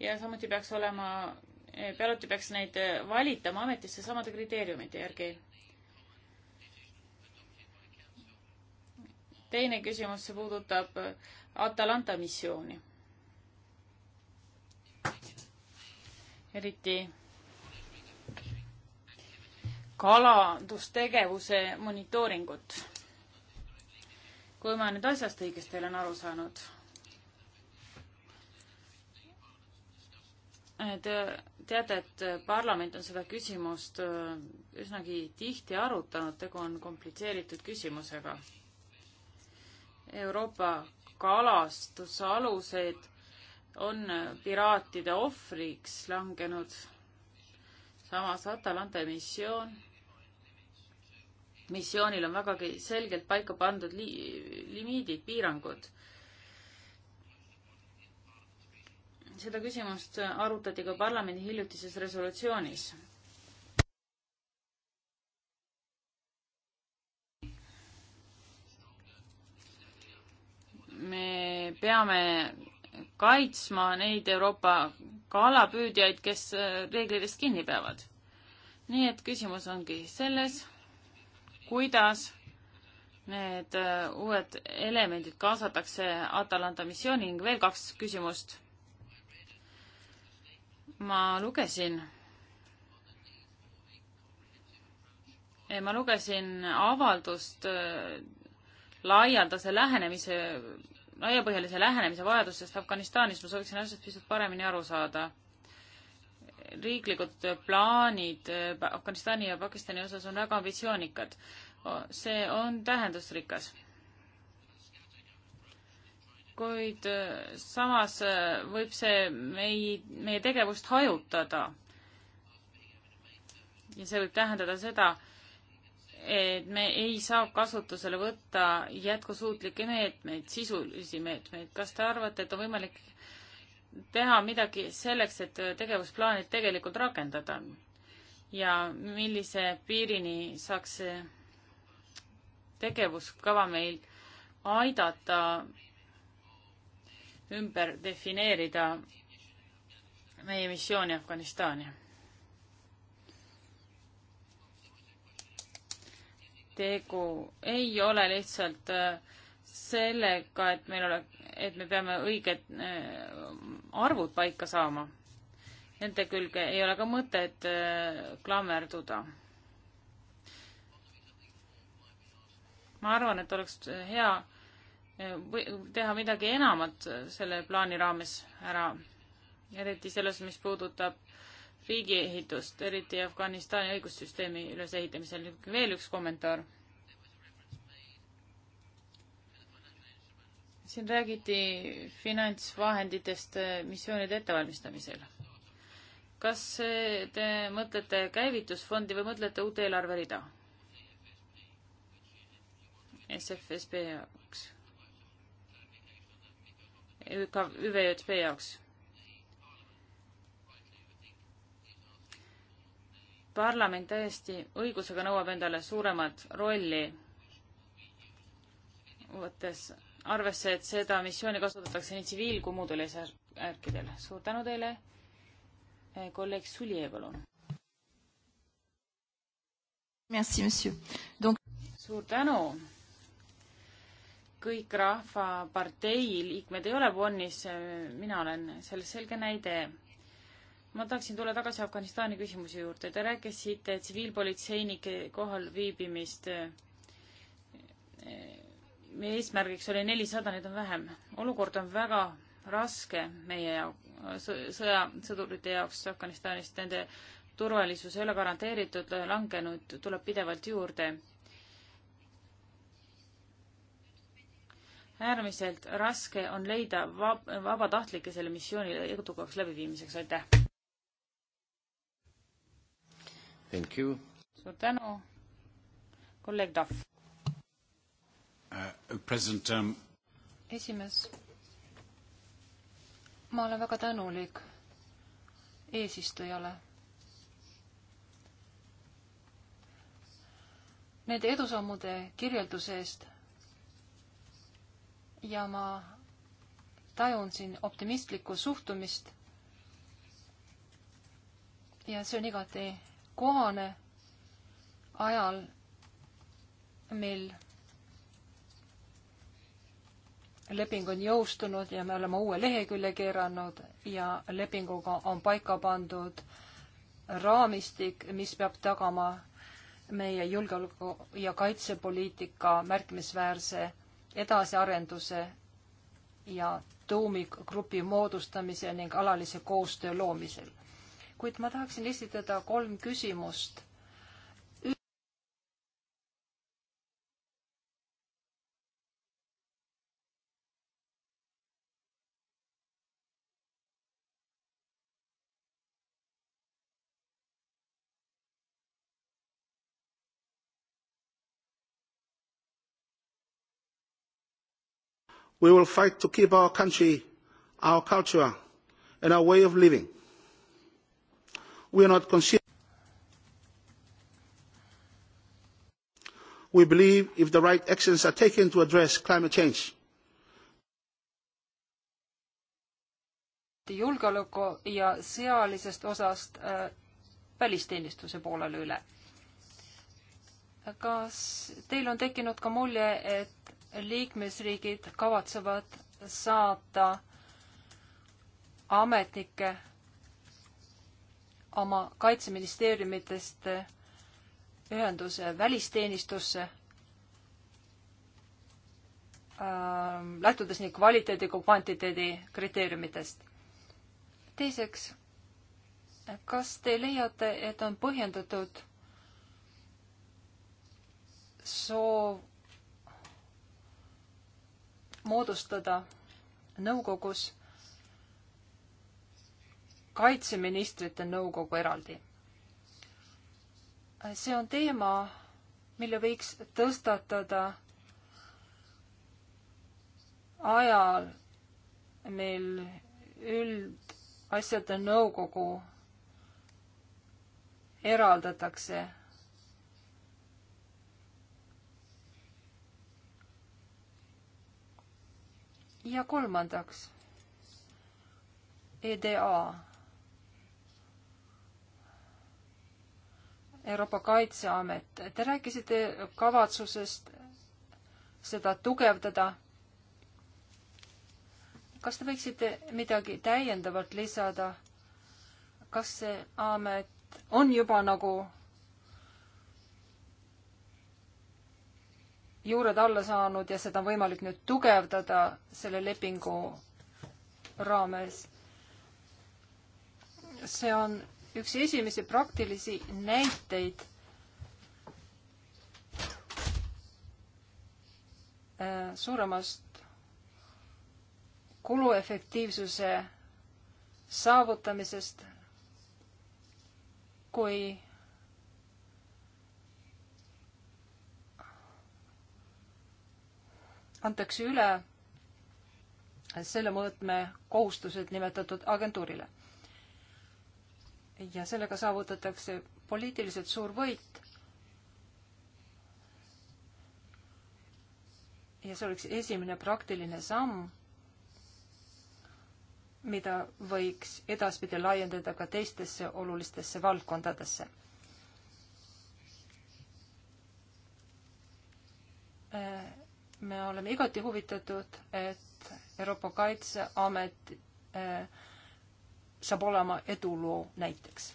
ja samuti peaks olema, eh, pealeti peaks neid eh, valitama ametisse samade kriteeriumite järgi. teine küsimus, see puudutab eh, Atalanta missiooni. eriti kalandustegevuse monitooringut. kui ma nüüd asjast õigesti olen aru saanud Äh, te teate, et parlament on seda küsimust äh, üsnagi tihti arutanud, tegu on komplitseeritud küsimusega. Euroopa kalastuse alused on äh, piraatide ohvriks langenud. samas Atalanta missioon, missioonil on vägagi selgelt paika pandud li-, limiidid, piirangud seda küsimust arutati ka parlamendi hiljutises resolutsioonis. me peame kaitsma neid Euroopa kalapüüdjaid, kes äh, reeglidest kinni peavad. nii et küsimus ongi selles, kuidas need äh, uued elemendid kaasatakse Atalanta missiooni ning veel kaks küsimust ma lugesin, eh, ma lugesin avaldust eh, laialdase lähenemise, laiapõhjalise lähenemise vajadusest Afganistanis, ma sooviksin asjast pisut paremini aru saada. riiklikud plaanid eh, Afganistani ja Pakistani osas on väga ambitsioonikad. see on tähendusrikas kuid samas võib see mei-, meie tegevust hajutada. ja see võib tähendada seda, et me ei saa kasutusele võtta jätkusuutlikke meetmeid, sisulisi meetmeid. kas te arvate, et on võimalik teha midagi selleks, et tegevusplaanid tegelikult rakendada? ja millise piirini saaks see tegevuskava meil aidata ümber defineerida meie missiooni Afganistani. tegu ei ole lihtsalt äh, sellega, et meil ole, et me peame õiged äh, arvud paika saama. Nende külge ei ole ka mõtet äh, klammerduda. ma arvan, et oleks hea või teha midagi enamat selle plaani raames ära, eriti selles, mis puudutab riigiehitust, eriti Afganistani õigussüsteemi ülesehitamisel. veel üks kommentaar. siin räägiti finantsvahenditest missioonide ettevalmistamisel. kas te mõtlete käivitusfondi või mõtlete uut eelarverida? SFSB jaoks ka ÜVJP jaoks. parlament täiesti õigusega nõuab endale suuremat rolli, võttes arvesse, et seda missiooni kasutatakse nii tsiviil- kui muudel eesmärkidel. suur tänu teile, kolleeg Sulje, palun. suur tänu kõik Rahvapartei liikmed ei ole Bonnis, mina olen sellest selge näide. ma tahaksin tulla tagasi Afganistani küsimuse juurde. Te rääkisite tsiviilpolitseinike kohal viibimist. meie eesmärgiks oli nelisada, neid on vähem. olukord on väga raske meie sõjasõdurite jaoks Afganistanist, nende turvalisus ei ole garanteeritud, langenud tuleb pidevalt juurde äärmiselt raske on leida vab-, vabatahtlikke selle missiooni edukaks läbiviimiseks, aitäh! suur tänu, kolleeg Tahv uh, uh,. president um.... esimees, ma olen väga tänulik eesistujale. Nende edusammude kirjelduse eest ja ma tajun siin optimistlikku suhtumist. ja see on igati kohane ajal, mil leping on jõustunud ja me oleme uue lehekülje keeranud ja lepinguga on paika pandud raamistik, mis peab tagama meie julgeoleku- ja kaitsepoliitika märkimisväärse edasiarenduse ja tuumikgrupi moodustamise ning alalise koostöö loomisel. kuid ma tahaksin esitada kolm küsimust We will fight to keep our country, our culture, and our way of living. We are not concerned. We believe if the right actions are taken to address climate change, julgeoleku ja sõjalisest osast äh, välisteenistuse poolele üle. kas teil on tekkinud ka mulje, et liikmesriigid kavatsevad saata ametnikke oma kaitseministeeriumitest ühenduse välisteenistusse ähm, lähtudes nii kvaliteedi kui kvantiteedi kriteeriumitest. teiseks, kas te leiate, et on põhjendatud soov moodustada nõukogus kaitseministrite nõukogu eraldi. see on teema, mille võiks tõstatada ajal, mil üldasjade nõukogu eraldatakse ja kolmandaks EDA, Euroopa Kaitseamet. Te rääkisite kavatsusest seda tugevdada. kas te võiksite midagi täiendavalt lisada? kas see amet on juba nagu juured alla saanud ja seda on võimalik nüüd tugevdada selle lepingu raames. see on üks esimesi praktilisi näiteid äh, suuremast kuluefektiivsuse saavutamisest, kui antakse üle selle mõõtme kohustused nimetatud agentuurile. ja sellega saavutatakse poliitiliselt suur võit. ja see oleks esimene praktiline samm, mida võiks edaspidi laiendada ka teistesse olulistesse valdkondadesse me oleme igati huvitatud, et Euroopa Kaitseamet eh, saab olema eduloo näiteks.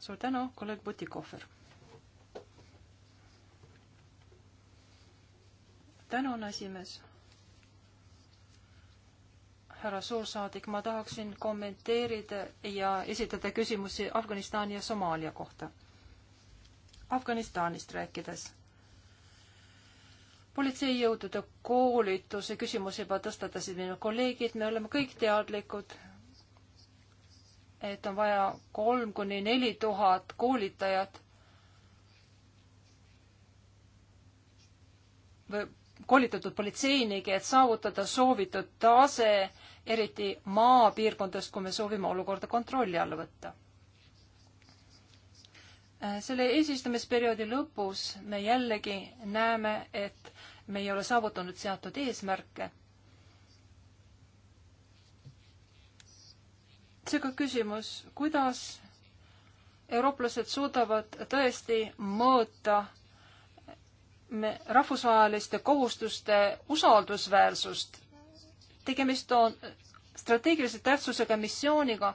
suur tänu, kolleeg Butikohver. tänan, esimees. härra suursaadik, ma tahaksin kommenteerida ja esitada küsimusi Afganistani ja Somaalia kohta. Afganistanist rääkides politseijõudude koolituse küsimus juba tõstatasid minu kolleegid, me oleme kõik teadlikud, et on vaja kolm kuni neli tuhat koolitajat või koolitatud politseinigi, et saavutada soovitud tase, eriti maapiirkondades, kui me soovime olukorda kontrolli alla võtta. selle eesistumisperioodi lõpus me jällegi näeme, et me ei ole saavutanud seatud eesmärke. seega küsimus, kuidas eurooplased suudavad tõesti mõõta me rahvusvaheliste kohustuste usaldusväärsust. tegemist on strateegilise tähtsusega missiooniga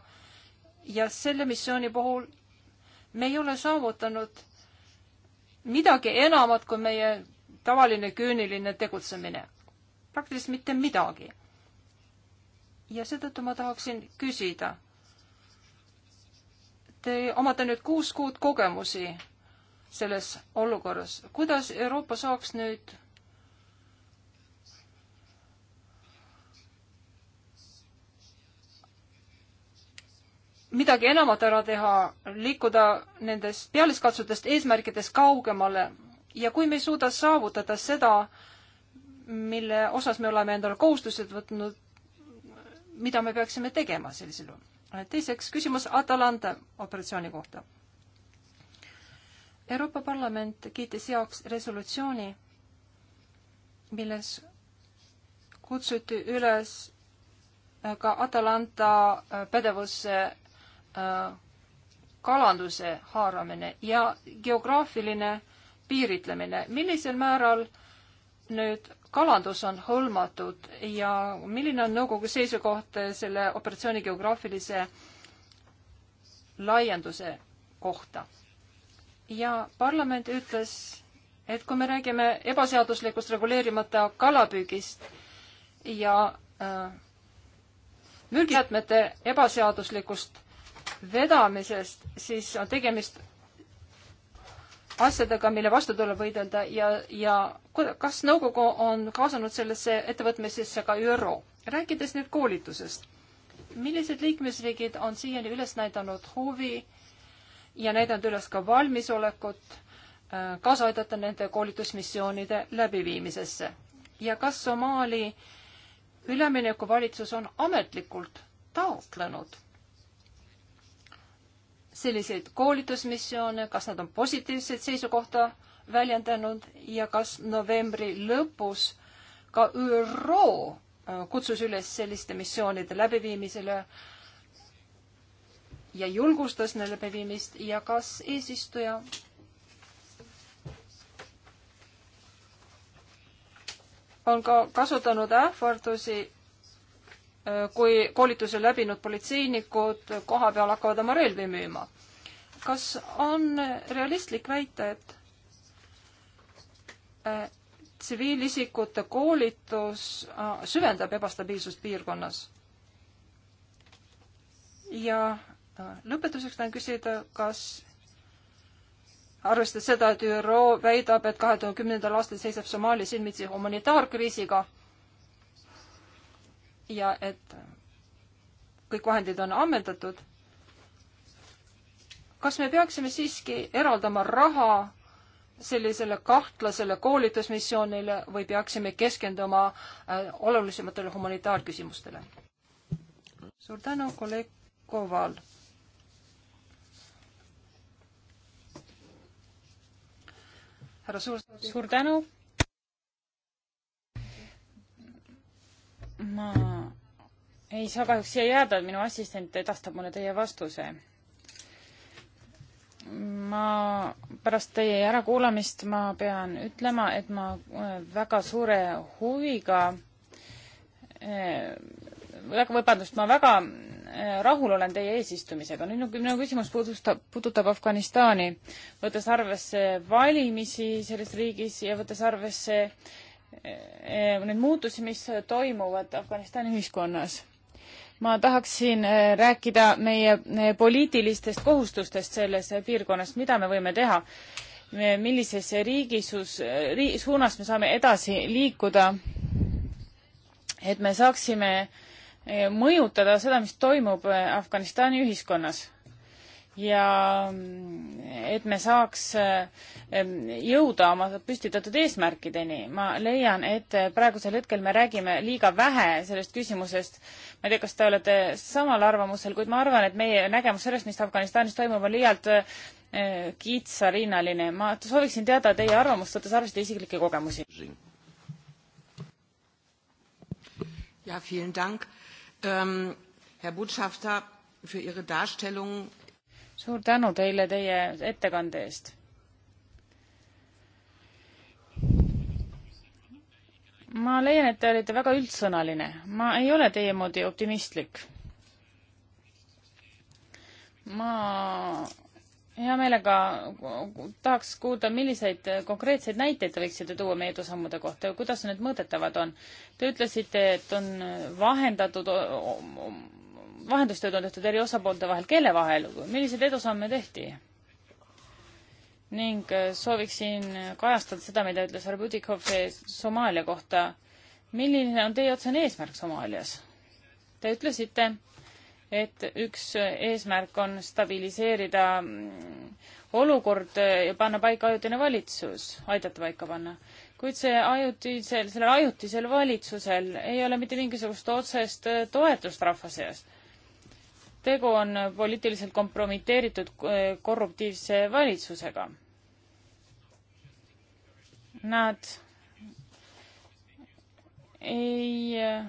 ja selle missiooni puhul me ei ole saavutanud midagi enamat kui meie tavaline küüniline tegutsemine. praktiliselt mitte midagi. ja seetõttu ma tahaksin küsida. Te omate nüüd kuus kuud kogemusi selles olukorras. kuidas Euroopa saaks nüüd midagi enamat ära teha, liikuda nendest pealiskatsutest eesmärkidest kaugemale ja kui me ei suuda saavutada seda, mille osas me oleme endale kohustused võtnud, mida me peaksime tegema sellisel juhul. teiseks küsimus Atalanta operatsiooni kohta. Euroopa Parlament kiitis heaks resolutsiooni, milles kutsuti üles ka Atalanta äh, pädevusse äh, kalanduse haaramine ja geograafiline piiritlemine, millisel määral nüüd kalandus on hõlmatud ja milline on nõukogu seisukoht selle operatsiooni geograafilise laienduse kohta? ja parlament ütles, et kui me räägime ebaseaduslikust reguleerimata kalapüügist ja äh, mürgijäätmete ebaseaduslikust vedamisest, siis on tegemist asjadega, mille vastu tuleb võidelda ja, ja kas nõukogu on kaasanud sellesse ettevõtmisesse ka ÜRO? rääkides nüüd koolitusest, millised liikmesriigid on siiani üles näidanud huvi ja näidanud üles ka valmisolekut äh, kaasa aidata nende koolitusmissioonide läbiviimisesse? ja kas Somaali üleminekuvalitsus on ametlikult taotlenud selliseid koolitusmissioone, kas nad on positiivset seisukohta väljendanud ja kas novembri lõpus ka ÜRO äh, kutsus üles selliste missioonide läbiviimisele ja julgustas neile läbiviimist ja kas eesistuja on ka kasutanud ähvardusi kui koolituse läbinud politseinikud koha peal hakkavad oma relvi müüma. kas on realistlik väita, et äh, tsiviilisikute koolitus äh, süvendab ebastabiilsust piirkonnas? ja äh, lõpetuseks tahan küsida, kas arvestades seda, et ÜRO väidab, et kahe tuhande kümnendal aastal seisab Somaalia silmitsi humanitaarkriisiga ja et kõik vahendid on ammendatud, kas me peaksime siiski eraldama raha sellisele kahtlasele koolitusmissioonile või peaksime keskenduma äh, olulisematele humanitaarküsimustele? suur tänu, kolleeg Koval. härra Suur-. suur tänu ma ei saa kahjuks siia jääda, minu assistent edastab mulle teie vastuse. ma pärast teie ärakuulamist ma pean ütlema, et ma äh, väga suure huviga äh, väga, vabandust, ma väga äh, rahul olen teie eesistumisega. nüüd minu küsimus puudustab, puudutab Afganistani, võttes arvesse valimisi selles riigis ja võttes arvesse äh, Eh, neid muutusi, mis toimuvad Afganistani ühiskonnas. ma tahaksin eh, rääkida meie poliitilistest kohustustest selles piirkonnas, mida me võime teha, millises riigisus ri,, suunas me saame edasi liikuda, et me saaksime eh, mõjutada seda, mis toimub Afganistani ühiskonnas ja et me saaks jõuda oma püstitatud eesmärkideni. ma leian, et praegusel hetkel me räägime liiga vähe sellest küsimusest. ma ei tea, kas te olete samal arvamusel, kuid ma arvan, et meie nägemus sellest, mis Afganistanis toimub, on liialt eh, kitsarinnaline. ma sooviksin teada teie arvamust, võttes arvesse teie isiklikke kogemusi. ja, vielen Dank ähm,, Herr Botschafter, für Ihre Darstellung suur tänu teile teie ettekande eest. ma leian, et te olite väga üldsõnaline, ma ei ole teie moodi optimistlik. ma hea meelega tahaks kuulda, milliseid konkreetseid näiteid te võiksite tuua meie edusammude kohta ja kuidas need mõõdetavad on. Te ütlesite, et on vahendatud vahendustööd on tehtud eri osapoolte vahel, kelle vahel, milliseid edusamme tehti? ning äh, sooviksin kajastada seda, mida ütles härra Budikov Somaalia kohta. milline on teie otsene eesmärk Somaalias? Te ütlesite, et üks eesmärk on stabiliseerida mm, olukord ja panna paika ajutine valitsus, aidata paika panna. kuid see ajutisel, sellel ajutisel valitsusel ei ole mitte mingisugust otsest äh, toetust rahva seas tegu on poliitiliselt kompromiteeritud eh, korruptiivse valitsusega. Nad ei eh,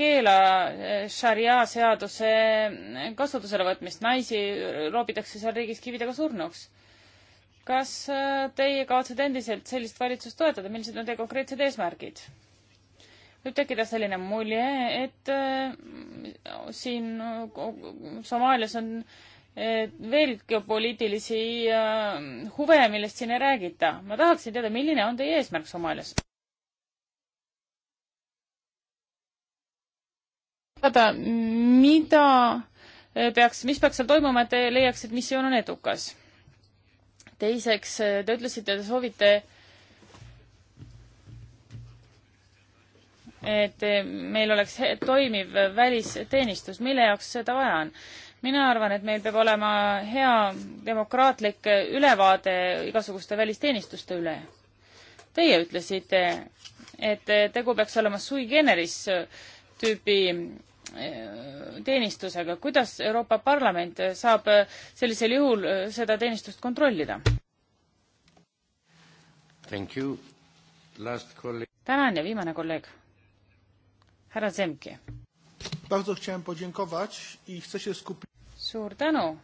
keela eh, šaria seaduse kasutusele võtmist, naisi loobitakse seal riigis kividega surnuks. kas teie kavatsete endiselt sellist valitsust toetada, millised on teie konkreetsed eesmärgid? võib tekkida selline mulje, et äh, siin äh, Somaalias on äh, veel geopoliitilisi huve, millest siin ei räägita. ma tahaksin teada, milline on teie eesmärk Somaalias? teada, mida peaks, mis peaks seal toimuma, et te leiaks, et missioon on edukas. teiseks, te ütlesite, te soovite et meil oleks toimiv välisteenistus, mille jaoks seda vaja on? mina arvan, et meil peab olema hea demokraatlik ülevaade igasuguste välisteenistuste üle. Teie ütlesite, et tegu peaks olema sui generis tüüpi eh, teenistusega, kuidas Euroopa Parlament saab sellisel juhul seda teenistust kontrollida? tänan ja viimane kolleeg härra Zemke. suur tänu.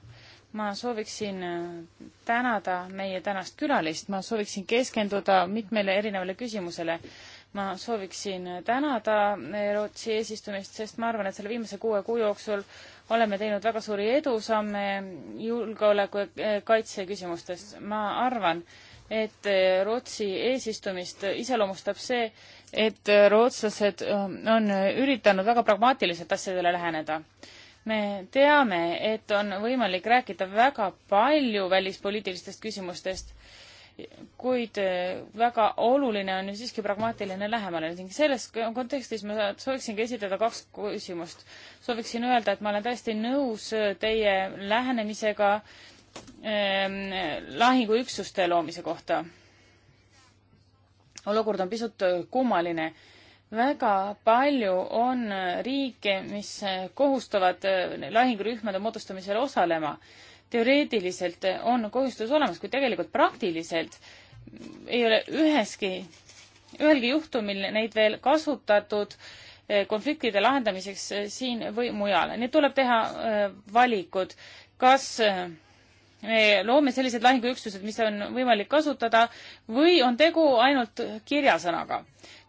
ma sooviksin e, tänada meie tänast külalist, ma sooviksin keskenduda mitmele erinevale küsimusele ma sooviksin tänada e, Rootsi eesistumist, sest ma arvan, et selle viimase kuue kuu jooksul oleme teinud väga suuri edusamme julgeoleku ja kaitse küsimustes. ma arvan, et e, Rootsi eesistumist iseloomustab see, et äh, rootslased ähm, on üritanud väga pragmaatiliselt asjadele läheneda. me teame, et on võimalik rääkida väga palju välispoliitilistest küsimustest, kuid äh, väga oluline on ju siiski pragmaatiline lähemale ning selles kontekstis ma sooviksingi esitada kaks küsimust. sooviksin öelda, et ma olen täiesti nõus äh, teie lähenemisega ähm, lahinguüksuste loomise kohta olukord on pisut kummaline. väga palju on riike, mis kohustavad lahingurühmade moodustamisel osalema. teoreetiliselt on kohustus olemas, kuid tegelikult praktiliselt ei ole üheski, ühelgi juhtumil neid veel kasutatud eh, konfliktide lahendamiseks eh, siin või mujal. nii et tuleb teha eh, valikud, kas me loome sellised lahinguüksused, mis on võimalik kasutada või on tegu ainult kirjasõnaga.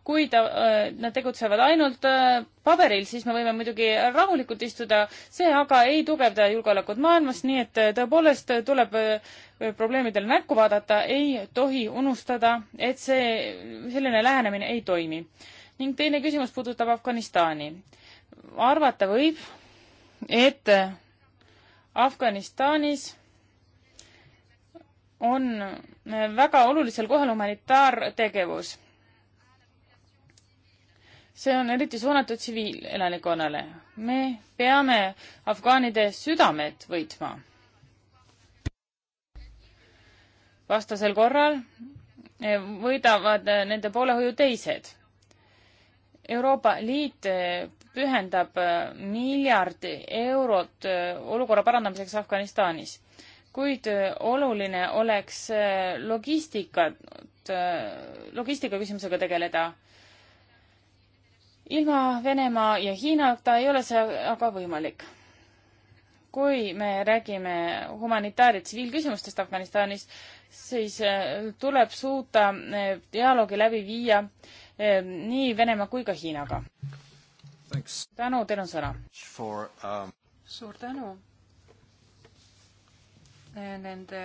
kui ta, äh, nad tegutsevad ainult äh, paberil, siis me võime muidugi rahulikult istuda, see aga ei tugevda julgeolekut maailmas, nii et äh, tõepoolest tuleb probleemidele näkku vaadata, ei tohi unustada, et see, selline lähenemine ei toimi. ning teine küsimus puudutab Afganistani. arvata võib, et Afganistanis on väga olulisel kohal humanitaartegevus. see on eriti suunatud tsiviilelanikkonnale. me peame afgaanide südamed võitma. vastasel korral võidavad nende poolehoiu teised. Euroopa Liit pühendab miljard eurot olukorra parandamiseks Afganistanis kuid äh, oluline oleks äh, logistikat, äh, logistika küsimusega tegeleda. ilma Venemaa ja Hiinata ei ole see aga võimalik. kui me räägime humanitaar- ja tsiviilküsimustest Afganistanis, siis tuleb suuta dialoogi läbi viia nii Venemaa kui ka Hiinaga. tänu, teil on sõna. Um... suur tänu nende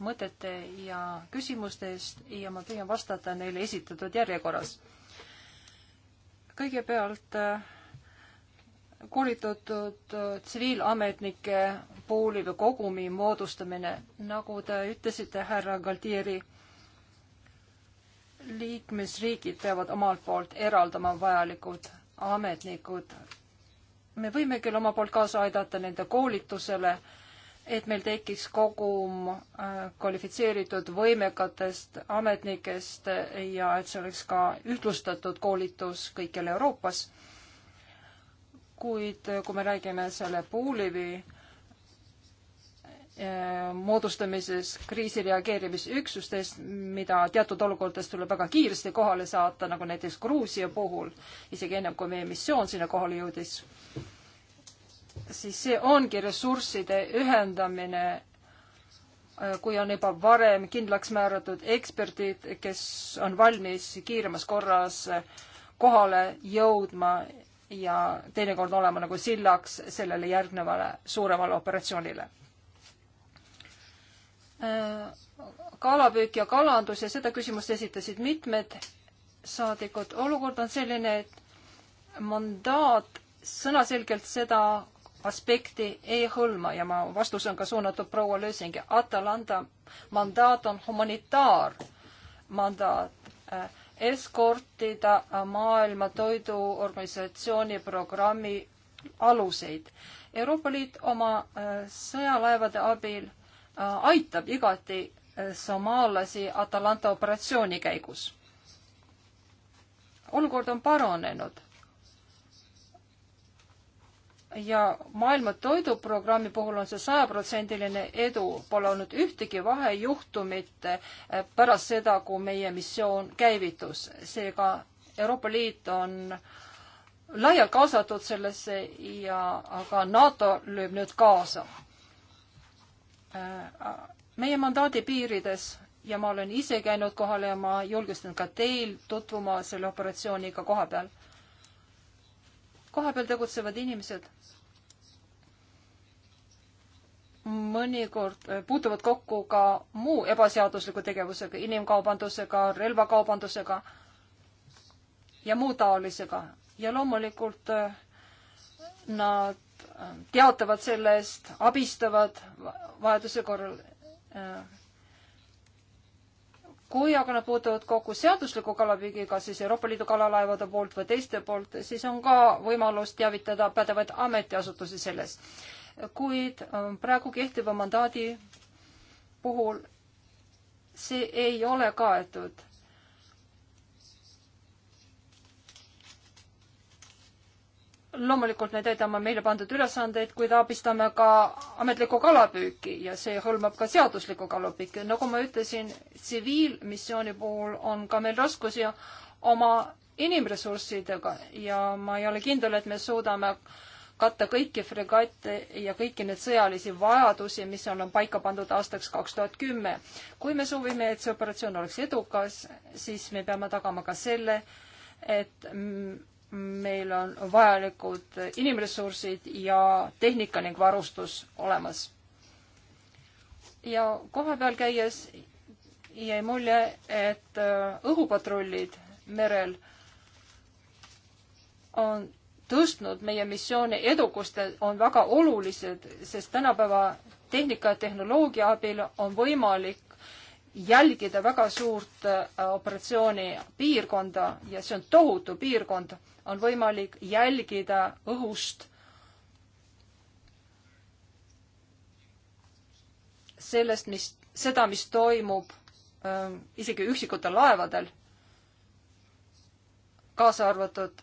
mõtete ja küsimuste eest ja ma püüan vastata neile esitatud järjekorras. kõigepealt äh, koolitatud äh, tsiviilametnike pooli või kogumi moodustamine, nagu te ütlesite, härra Galtieri, liikmesriigid peavad omalt poolt eraldama vajalikud ametnikud. me võime küll oma poolt kaasa aidata nende koolitusele et meil tekiks kogum äh, kvalifitseeritud võimekatest ametnikest ja et see oleks ka ühtlustatud koolitus kõikjal Euroopas. kuid äh, kui me räägime selle puulivi äh, moodustamises kriisireageerimisüksustest, mida teatud olukordades tuleb väga kiiresti kohale saata, nagu näiteks Gruusia puhul, isegi ennem kui meie missioon sinna kohale jõudis siis see ongi ressursside ühendamine, äh, kui on juba varem kindlaks määratud eksperdid, kes on valmis kiiremas korras äh, kohale jõudma ja teinekord olema nagu sillaks sellele järgnevale suuremale operatsioonile. Äh, kalapüük ja kalandus ja seda küsimust esitasid mitmed saadikud. olukord on selline, et mandaat sõnaselgelt seda aspekti ei hõlma ja ma, vastus on ka suunatud proua Lösingi. Atalanta mandaat on humanitaarmandaat äh, eskortida äh, Maailma Toiduorganisatsiooni programmi aluseid. Euroopa Liit oma äh, sõjalaevade abil äh, aitab igati äh, somaallasi Atalanta operatsiooni käigus. olukord on paranenud ja Maailma Toiduprogrammi puhul on see sajaprotsendiline edu, pole olnud ühtegi vahejuhtumit eh, pärast seda, kui meie missioon käivitus. seega Euroopa Liit on laialt kaasatud sellesse ja aga NATO lööb nüüd kaasa. Eh, meie mandaadi piirides ja ma olen ise käinud kohal ja ma julgustan ka teil tutvuma selle operatsiooniga koha peal kohapeal tegutsevad inimesed mõnikord eh, puutuvad kokku ka muu ebaseadusliku tegevusega, inimkaubandusega, relvakaubandusega ja muu taolisega. ja loomulikult eh, nad eh, teatavad sellest, abistavad vajaduse korral kui aga nad puutuvad kokku seadusliku kalapüügiga, siis Euroopa Liidu kalalaevade poolt või teiste poolt, siis on ka võimalus teavitada pädevaid ametiasutusi sellest. kuid ähm, praegu kehtiva mandaadi puhul see ei ole kaetud loomulikult me täidame meile pandud ülesandeid, kuid abistame ka ametlikku kalapüüki ja see hõlmab ka seaduslikku kalapüüki. nagu ma ütlesin, tsiviilmissiooni puhul on ka meil raskusi oma inimressurssidega ja ma ei ole kindel, et me suudame katta kõiki fregatte ja kõiki neid sõjalisi vajadusi, mis on, on paika pandud aastaks kaks tuhat kümme. kui me soovime, et see operatsioon oleks edukas, siis me peame tagama ka selle, et meil on vajalikud inimressursid ja tehnika ning varustus olemas. ja kohapeal käies jäi mulje, et äh, õhupatrullid merel on tõstnud meie missiooni edukust, on väga olulised, sest tänapäeva tehnika ja tehnoloogia abil on võimalik jälgida väga suurt äh, operatsiooni piirkonda ja see on tohutu piirkond, on võimalik jälgida õhust sellest, mis, seda, mis toimub äh, isegi üksikutel laevadel, kaasa arvatud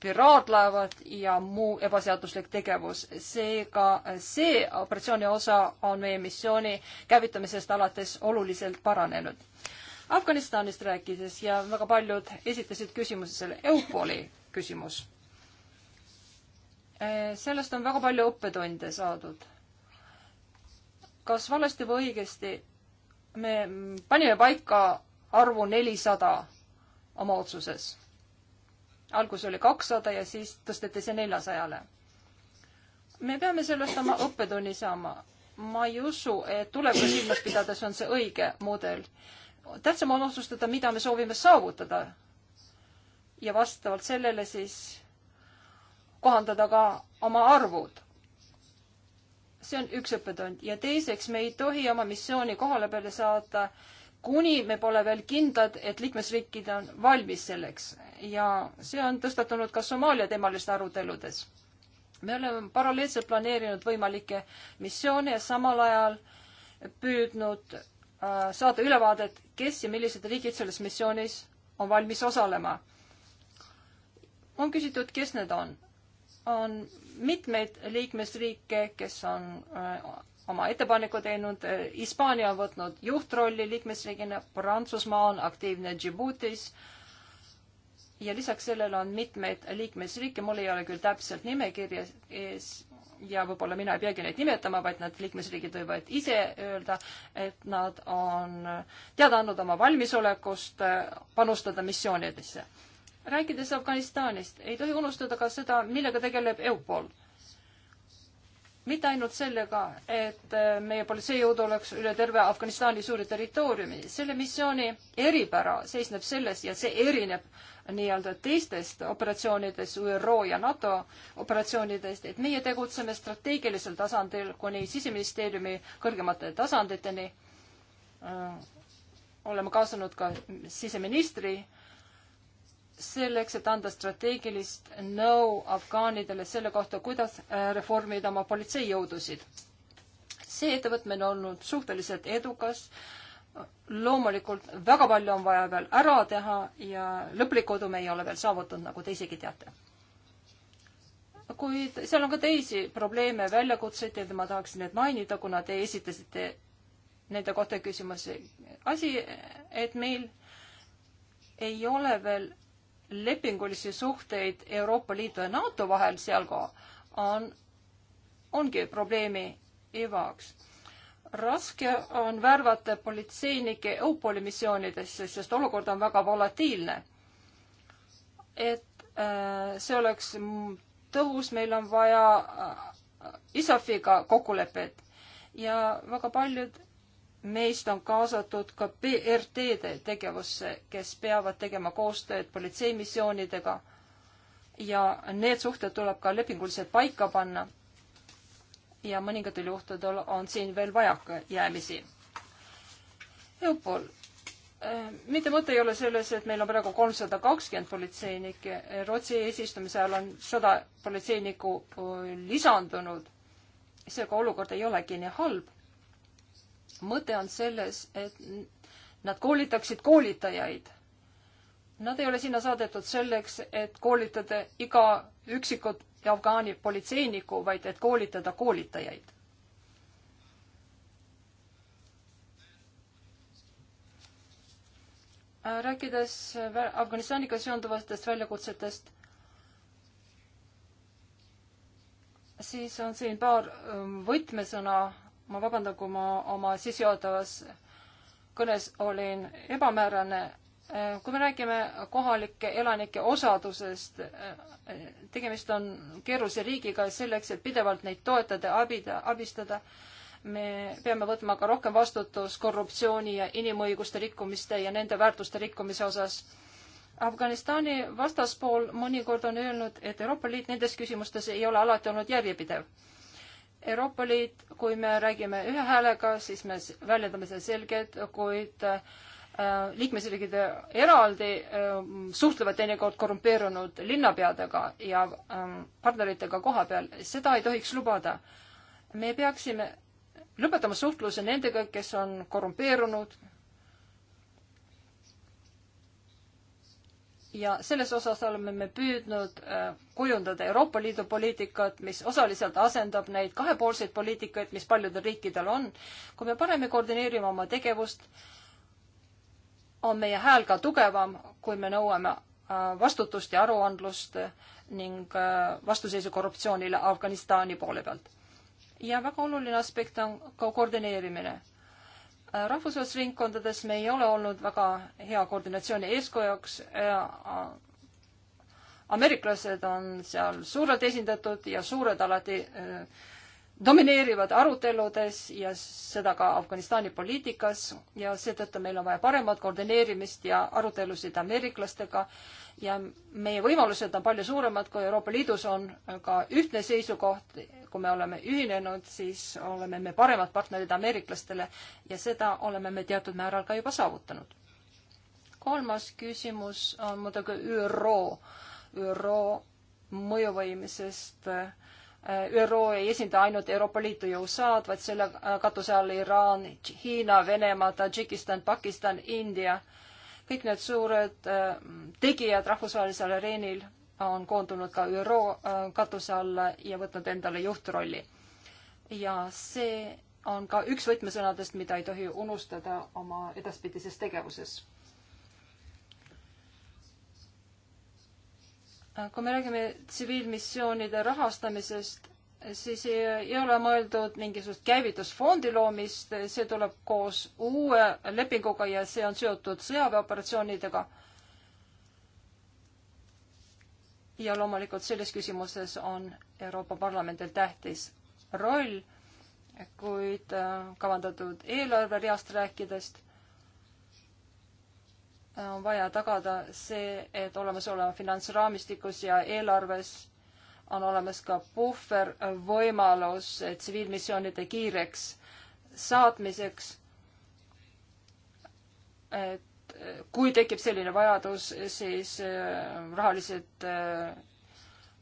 piraatlaevad ja muu ebaseaduslik tegevus. seega see operatsiooni osa on meie missiooni käivitamisest alates oluliselt paranenud. Afganistanist rääkides ja väga paljud esitasid küsimuse selle EUPOL-i küsimus. Äh, sellest on väga palju õppetunde saadud. kas valesti või õigesti me panime paika arvu nelisada oma otsuses alguses oli kakssada ja siis tõsteti see neljasajale. me peame sellest oma õppetunni saama. ma ei usu, et tulevikku silmas pidades on see õige mudel. tähtsam on otsustada, mida me soovime saavutada. ja vastavalt sellele siis kohandada ka oma arvud. see on üks õppetund ja teiseks, me ei tohi oma missiooni kohale peale saada kuni me pole veel kindlad, et liikmesriigid on valmis selleks ja see on tõstatunud ka Somaalia teemaliste aruteludes. me oleme paralleelselt planeerinud võimalikke missioone ja samal ajal püüdnud äh, saada ülevaadet, kes ja millised riigid selles missioonis on valmis osalema. on küsitud, kes need on. on mitmeid liikmesriike, kes on äh, oma ettepaneku teinud. Hispaania on võtnud juhtrolli liikmesriigina, Prantsusmaa on aktiivne Djiboutis äh,, ja lisaks sellele on mitmeid liikmesriike, mul ei ole küll täpselt nimekirja ees ja võib-olla mina ei peagi neid nimetama, vaid need liikmesriigid võivad ise öelda, et nad on teada andnud oma valmisolekust äh, panustada missioonidesse. rääkides Afganistanist, ei tohi unustada ka seda, millega tegeleb EUPOL mitte ainult sellega, et äh, meie politseijõud oleks üle terve Afganistani suure territooriumi. selle missiooni eripära seisneb selles ja see erineb nii-öelda teistest operatsioonidest, ÜRO ja NATO operatsioonidest, et meie tegutseme strateegilisel tasandil kuni siseministeeriumi kõrgemate tasanditeni. Äh, oleme kaasanud ka siseministri äh, selleks, et anda strateegilist nõu afgaanidele selle kohta, kuidas äh, reformida oma politseijõudusid. see ettevõtmine on olnud suhteliselt edukas. loomulikult väga palju on vaja veel ära teha ja lõplikku edu me ei ole veel saavutanud, nagu te isegi teate. kuid seal on ka teisi probleeme, väljakutseid ja ma tahaksin need mainida, kuna te esitasite nende kohta küsimusi. asi, et meil ei ole veel lepingulisi suhteid Euroopa Liidu ja NATO vahel seal ka on, ongi probleemi ivaks. raske on värvata politseinikke EUPOL-i missioonidesse, sest olukord on väga volatiilne. et äh, see oleks tõhus, meil on vaja äh, ISAF-iga kokkulepet ja väga paljud meist on kaasatud ka PRT-de tegevusse, kes peavad tegema koostööd politseimissioonidega ja need suhted tuleb ka lepinguliselt paika panna. ja mõningatel juhtudel on siin veel vajakajäämisi. Eupol, äh, mitte mõte ei ole selles, et meil on praegu kolmsada kakskümmend politseinikke, Rootsi eesistumise ajal on sada politseinikku äh, lisandunud, seega olukord ei olegi nii halb mõte on selles, et nad koolitaksid koolitajaid. Nad ei ole sinna saadetud selleks, et koolitada iga üksikut afgaani politseinikku, vaid et koolitada koolitajaid. rääkides Afganistaniga seonduvatest väljakutsetest, siis on siin paar ähm, võtmesõna ma vabandan, kui ma oma sissejuhatavas kõnes olin ebamäärane. Äh, kui me räägime kohalike elanike osadusest, äh, tegemist on keerulise riigiga, selleks, et pidevalt neid toetada, abida, abistada, me peame võtma ka rohkem vastutust korruptsiooni ja inimõiguste rikkumiste ja nende väärtuste rikkumise osas Afganistani vastaspool mõnikord on öelnud, et Euroopa Liit nendes küsimustes ei ole alati olnud järjepidev. Euroopa Liit, kui me räägime ühe häälega, siis me väljendame seda selgelt, kuid äh, liikmesriigid eraldi äh, suhtlevad teinekord korrumpeerunud linnapeadega ja äh, partneritega koha peal. seda ei tohiks lubada. me peaksime lõpetama suhtluse nendega, kes on korrumpeerunud, ja selles osas oleme me püüdnud äh, kujundada Euroopa Liidu poliitikat, mis osaliselt asendab neid kahepoolseid poliitikaid, mis paljudel riikidel on. kui me paremini koordineerime oma tegevust, on meie hääl ka tugevam, kui me nõuame äh, vastutust ja aruandlust ning äh, vastuseisu korruptsioonile Afganistani poole pealt. ja väga oluline aspekt on ka koordineerimine rahvusvahelistes ringkondades me ei ole olnud väga hea koordinatsiooni eeskujuks. Äh, ameeriklased on seal suurelt esindatud ja suured alati äh, domineerivad aruteludes ja seda ka Afganistani poliitikas ja seetõttu meil on vaja paremat koordineerimist ja arutelusid ameeriklastega ja meie võimalused on palju suuremad, kui Euroopa Liidus on ka ühtne seisukoht. kui me oleme ühinenud, siis oleme me paremad partnerid ameeriklastele ja seda oleme me teatud määral ka juba saavutanud. kolmas küsimus on muidugi ÜRO, ÜRO mõjuvõimsest äh, Äh, ÜRO ei esinda ainult Euroopa Liitu ja USA-d, vaid selle äh, katuse all Iraan, Hiina, Venemaa, Tadžikistan, Pakistan, India. kõik need suured äh, tegijad rahvusvahelisel areenil on koondunud ka ÜRO katuse alla ja võtnud endale juhtrolli. ja see on ka üks võtmesõnadest, mida ei tohi unustada oma edaspidises tegevuses Äh, kui me räägime tsiviilmissioonide rahastamisest, siis ei, ei ole mõeldud mingisugust käivitusfondi loomist, see tuleb koos uue lepinguga ja see on seotud sõjaväeoperatsioonidega. ja loomulikult selles küsimuses on Euroopa Parlamendil tähtis roll, kuid äh, kavandatud eelarvereast rääkidest on vaja tagada see, et olemasoleva finantsraamistikus ja eelarves on olemas ka puhver võimalus tsiviilmissioonide kiireks saatmiseks. et kui tekib selline vajadus, siis äh, rahalised äh,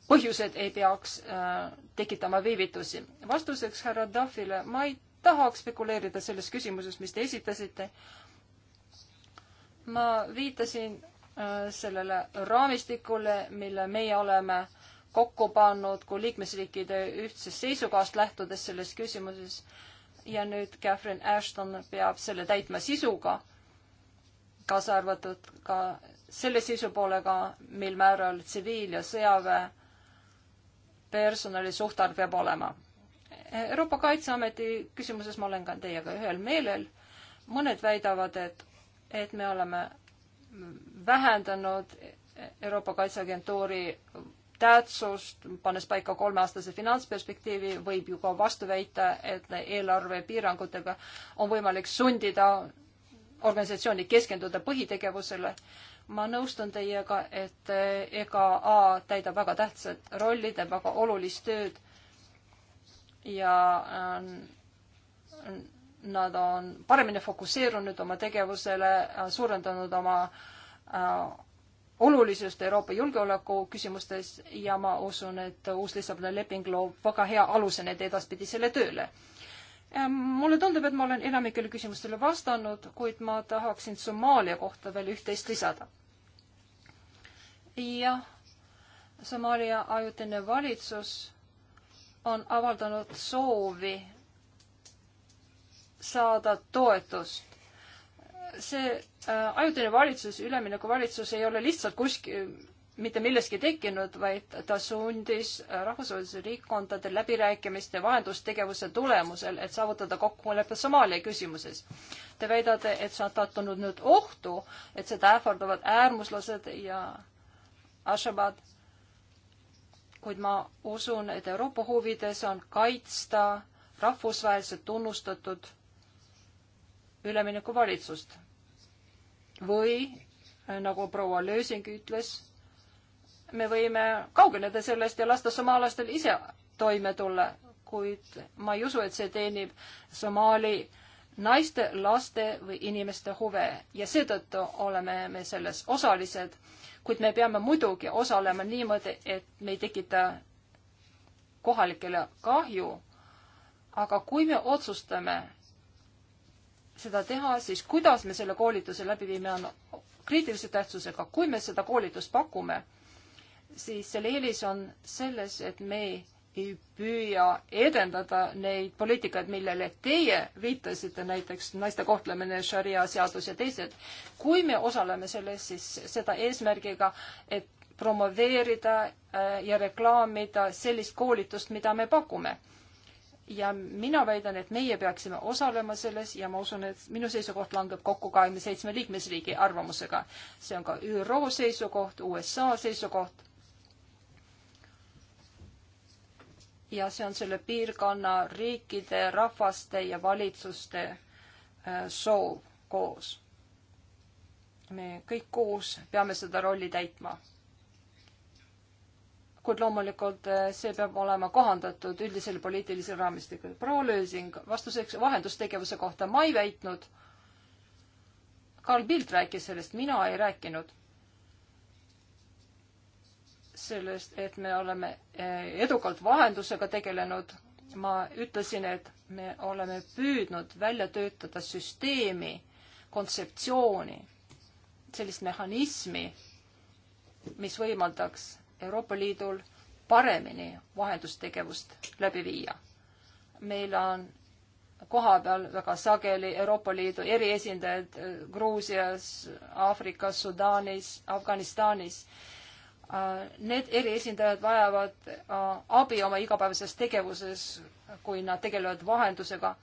põhjused ei peaks äh, tekitama viivitusi. vastuseks härra Duffile, ma ei taha spekuleerida selles küsimuses, mis te esitasite ma viitasin äh, sellele raamistikule, mille meie oleme kokku pannud kui liikmesriikide ühtsest seisukohast lähtudes selles küsimuses ja nüüd Catherine Ashton peab selle täitma sisuga, kaasa arvatud ka selle sisu poolega, mil määral tsiviil- ja sõjaväe personali suhtarv peab olema. Euroopa Kaitseameti küsimuses ma olen ka teiega ühel meelel. mõned väidavad, et et me oleme vähendanud Euroopa Kaitseagentuuri tähtsust, pannes paika kolmeaastase finantsperspektiivi, võib ju ka vastu väita, et eelarvepiirangutega on võimalik sundida organisatsiooni keskenduda põhitegevusele. ma nõustun teiega, et EKA täidab väga tähtsat rolli, teeb väga olulist tööd ja äh, nad on paremini fokusseerunud oma tegevusele, äh, suurendanud oma äh, olulisust Euroopa julgeoleku küsimustes ja ma usun, et uus Lissaboni leping loob väga hea aluse nende edaspidisele tööle äh, mulle tundub, et ma olen enamikele küsimustele vastanud, kuid ma tahaksin Somaalia kohta veel üht-teist lisada. jah, Somaalia ajutine valitsus on avaldanud soovi saada toetust. see äh, ajutine valitsus, üleminekuvalitsus ei ole lihtsalt kuskil äh, mitte milleski tekkinud, vaid ta sundis äh, rahvusvahelise riikkondade läbirääkimiste vahendustegevuse tulemusel, et saavutada kokkulepe Somaalia küsimuses. Te väidate, et see on sattunud nüüd ohtu, et seda ähvardavad äärmuslased ja Ashabad kuid ma usun, et Euroopa huvides on kaitsta rahvusvaheliselt tunnustatud üleminekuvalitsust. või äh, nagu proua Lösing ütles, me võime kaugeneda sellest ja lasta somaalastel ise toime tulla, kuid ma ei usu, et see teenib Somaali naiste, laste või inimeste huve ja seetõttu oleme me selles osalised. kuid me peame muidugi osalema niimoodi, et me ei tekita kohalikele kahju. aga kui me otsustame, seda teha, siis kuidas me selle koolituse läbi viime, on kriitilise tähtsusega. kui me seda koolitust pakume, siis selle eelis on selles, et me ei püüa edendada neid poliitikaid, millele teie viitasite, näiteks naiste kohtlemine, šaria seadus ja teised. kui me osaleme selles, siis seda eesmärgiga, et promoveerida äh, ja reklaamida sellist koolitust, mida me pakume ja mina väidan, et meie peaksime osalema selles ja ma usun, et minu seisukoht langeb kokku kahekümne seitsme liikmesriigi arvamusega. see on ka ÜRO seisukoht, USA seisukoht. ja see on selle piirkonna riikide, rahvaste ja valitsuste äh, soov koos. me kõik koos peame seda rolli täitma kuid loomulikult eh, see peab olema kohandatud üldisele poliitilisele raamistikule. proua Lösing, vastuseks vahendustegevuse kohta ma ei väitnud. Karl Pilt rääkis sellest, mina ei rääkinud sellest, et me oleme eh, edukalt vahendusega tegelenud. ma ütlesin, et me oleme püüdnud välja töötada süsteemi, kontseptsiooni, sellist mehhanismi, mis võimaldaks Euroopa Liidul paremini vahendustegevust läbi viia. meil on kohapeal väga sageli Euroopa Liidu eriesindajad eh, Gruusias, Aafrikas, Sudaanis, Afganistanis. Eh, need eriesindajad vajavad eh, abi oma igapäevases tegevuses, kui nad tegelevad vahendusega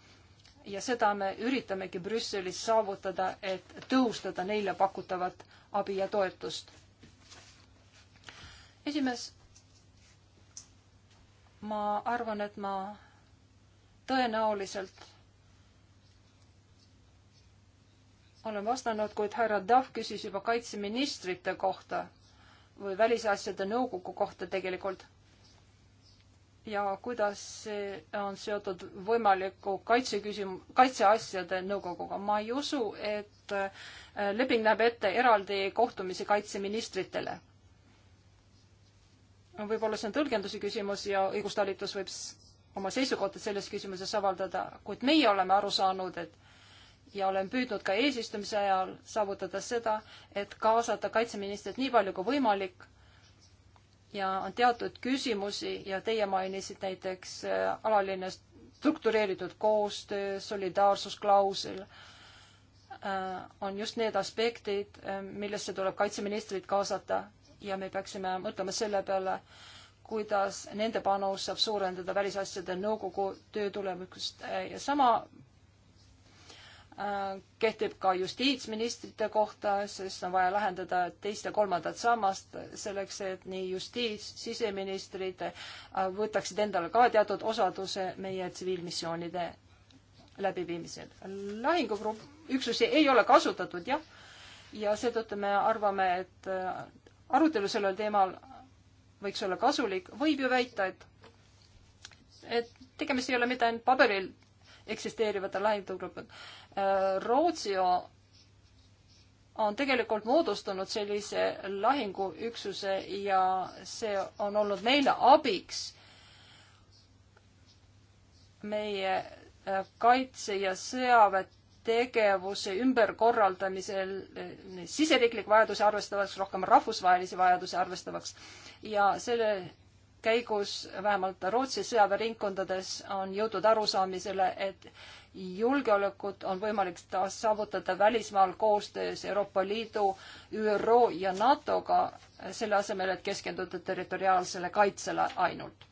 ja seda me üritamegi Brüsselis saavutada, et tõhustada neile pakutavat abi ja toetust esimees, ma arvan, et ma tõenäoliselt olen vastanud, kuid härra Duff küsis juba kaitseministrite kohta või välisasjade nõukogu kohta tegelikult. ja kuidas see on seotud võimaliku kaitseküsim-, kaitseasjade nõukoguga. ma ei usu, et äh, leping näeb ette eraldi kohtumisi kaitseministritele võib-olla see on tõlgenduse küsimus ja õigustalitus võib oma seisukohta selles küsimuses avaldada, kuid meie oleme aru saanud, et ja olen püüdnud ka eesistumise ajal saavutada seda, et kaasata kaitseministrit nii palju kui võimalik ja on teatud küsimusi ja teie mainisite näiteks äh, alaline struktureeritud koostöö, solidaarsusklausel, äh, on just need aspektid, äh, millesse tuleb kaitseministrit kaasata ja me peaksime mõtlema selle peale, kuidas nende panus saab suurendada Välisasjade Nõukogu töö tulemust ja sama äh, kehtib ka justiitsministrite kohta, sest on vaja lahendada teist ja kolmandat sammast selleks, et nii justiits, siseministrid äh, võtaksid endale ka teatud osaduse meie tsiviilmissioonide läbiviimisel. lahingugrupp, üksusi ei ole kasutatud, jah, ja seetõttu me arvame, et äh, arutelu sellel teemal võiks olla kasulik, võib ju väita, et, et tegemist ei ole mitte ainult paberil eksisteerivate lahingugruppidega. Äh, Rootsi on tegelikult moodustanud sellise lahinguüksuse ja see on olnud meile abiks meie äh, kaitse- ja sõjaväe tegevuse ümberkorraldamisel eh, siseriiklik vajadusi arvestavaks, rohkem rahvusvahelisi vajadusi arvestavaks ja selle käigus vähemalt Rootsi sõjaväeringkondades on jõutud arusaamisele, et julgeolekut on võimalik taas saavutada välismaal koostöös Euroopa Liidu, ÜRO ja NATO-ga, selle asemel, et keskenduda territoriaalsele kaitsele ainult.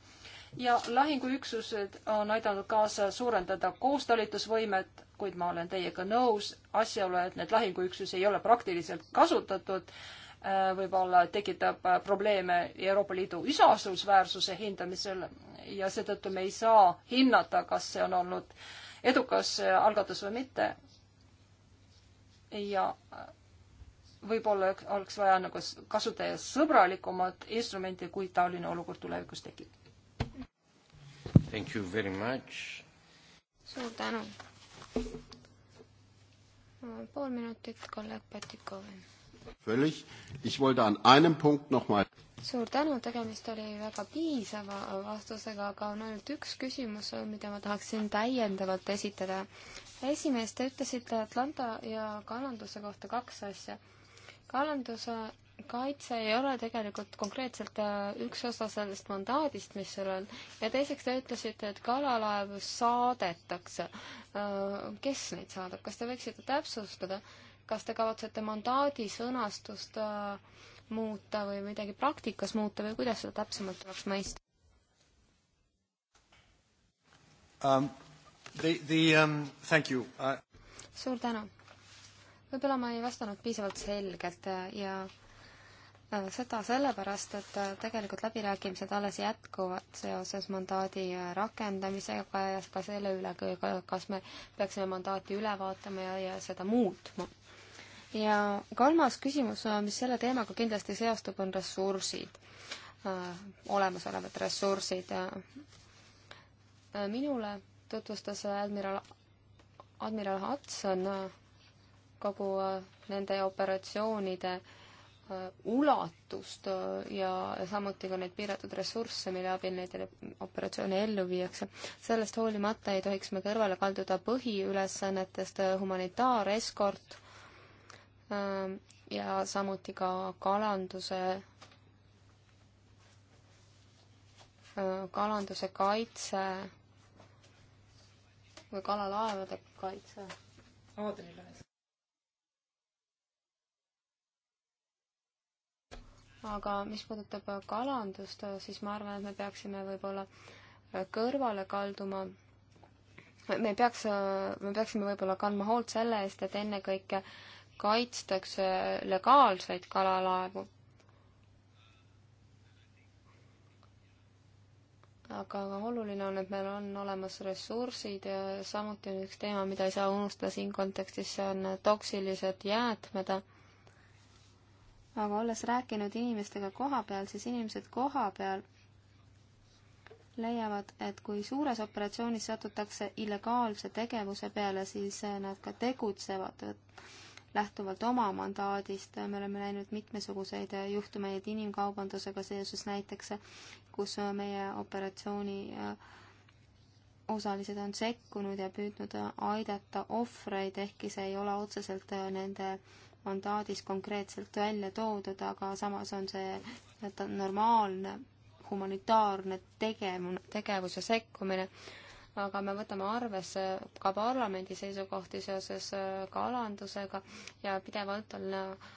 ja lahinguüksused on aidanud kaasa suurendada koostalitusvõimet, kuid ma olen teiega nõus asjaolu, et need lahinguüksusi ei ole praktiliselt kasutatud, äh, võib-olla tekitab äh, probleeme Euroopa Liidu isasusväärsuse hindamisel ja seetõttu me ei saa hinnata, kas see on olnud edukas äh, algatus või mitte. ja võib-olla oleks vaja nagu kasutajasõbralikumat instrumenti, kui taoline olukord tulevikus tekib. Thank you very much. suur tänu pool minutit, kolleeg Patikovin. Völlig, ich wollte an einem punkt noch mal suur tänu, tegemist oli väga piisava vastusega, aga on ainult üks küsimus, mida ma tahaksin täiendavalt esitada. esimees, te ütlesite Atlanta ja kalanduse kohta kaks asja. kalanduse kaitse ei ole tegelikult konkreetselt äh, üks osa sellest mandaadist, mis sul on, ja teiseks te ütlesite, et kalalaevu saadetakse. Äh, kes neid saadab, kas te võiksite täpsustada, kas te kavatsete mandaadi sõnastust äh, muuta või midagi praktikas muuta või kuidas seda täpsemalt tuleks mõista um,? The, the um,, thank you uh.... suur tänu. võib-olla ma ei vastanud piisavalt selgelt ja uh, Äh, seda sellepärast, et äh, tegelikult läbirääkimised alles jätkuvad seoses mandaadi äh, rakendamisega ja ka selle üle, kas me peaksime mandaati üle vaatama ja, ja seda muutma. ja kolmas küsimus, mis selle teemaga kindlasti seostub, on ressursid, olemasolevad ressursid. minule tutvustas admiral, admiral Hudson kogu nende operatsioonide äh, Äh, ulatust äh, ja samuti ka neid piiratud ressursse, mille abil neid operatsioone ellu viiakse. sellest hoolimata ei tohiks me kõrvale kalduda põhiülesannetest äh, humanitaareskort ähm, ja samuti ka kalanduse, kalanduse kaitse või kalalaevade kaitse. Aadrilaes. aga mis puudutab kalandust, siis ma arvan, et me peaksime võib-olla kõrvale kalduma. me peaks, me peaksime võib-olla kandma hoolt selle eest, et ennekõike kaitstakse legaalseid kalalaevu. aga oluline on, et meil on olemas ressursid ja samuti on üks teema, mida ei saa unustada siin kontekstis, see on toksilised jäätmed aga olles rääkinud inimestega koha peal, siis inimesed koha peal leiavad, et kui suures operatsioonis satutakse illegaalse tegevuse peale, siis eh, nad ka tegutsevad lähtuvalt oma mandaadist. me oleme näinud mitmesuguseid eh, juhtumeid inimkaubandusega seoses näiteks, eh, kus meie operatsiooni osalised on sekkunud ja püüdnud aidata ohvreid, ehkki see ei ole otseselt nende mandaadis konkreetselt välja toodud, aga samas on see normaalne humanitaarne tegev-, tegevuse sekkumine, aga me võtame arvesse ka parlamendi seisukohti seoses äh, kalandusega ja pidevalt on äh,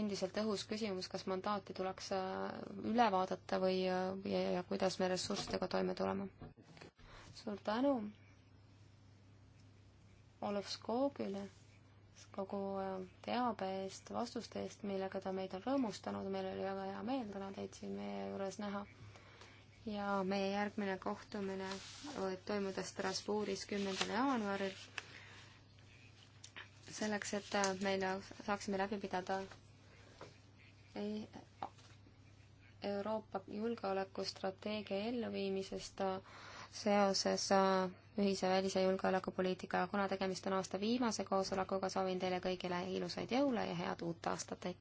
endiselt õhus küsimus, kas mandaati tuleks äh, üle vaadata või, või ja kuidas me ressurssidega toime tuleme. suur tänu Olev Skoogile kogu äh, teabe eest, vastuste eest, millega ta meid on rõõmustanud, meil oli väga hea meel täna teid siin meie juures näha. ja meie järgmine kohtumine võib toimuda Strasbourgis kümnendal jaanuaril. selleks, et äh, meil saaksime läbi pidada ei, Euroopa julgeolekustrateegia elluviimisest äh, seoses äh, ühise välise julgeolekupoliitikaga. kuna tegemist on aasta viimase koosolekuga, soovin teile kõigile ilusaid jõule ja head uut aastat!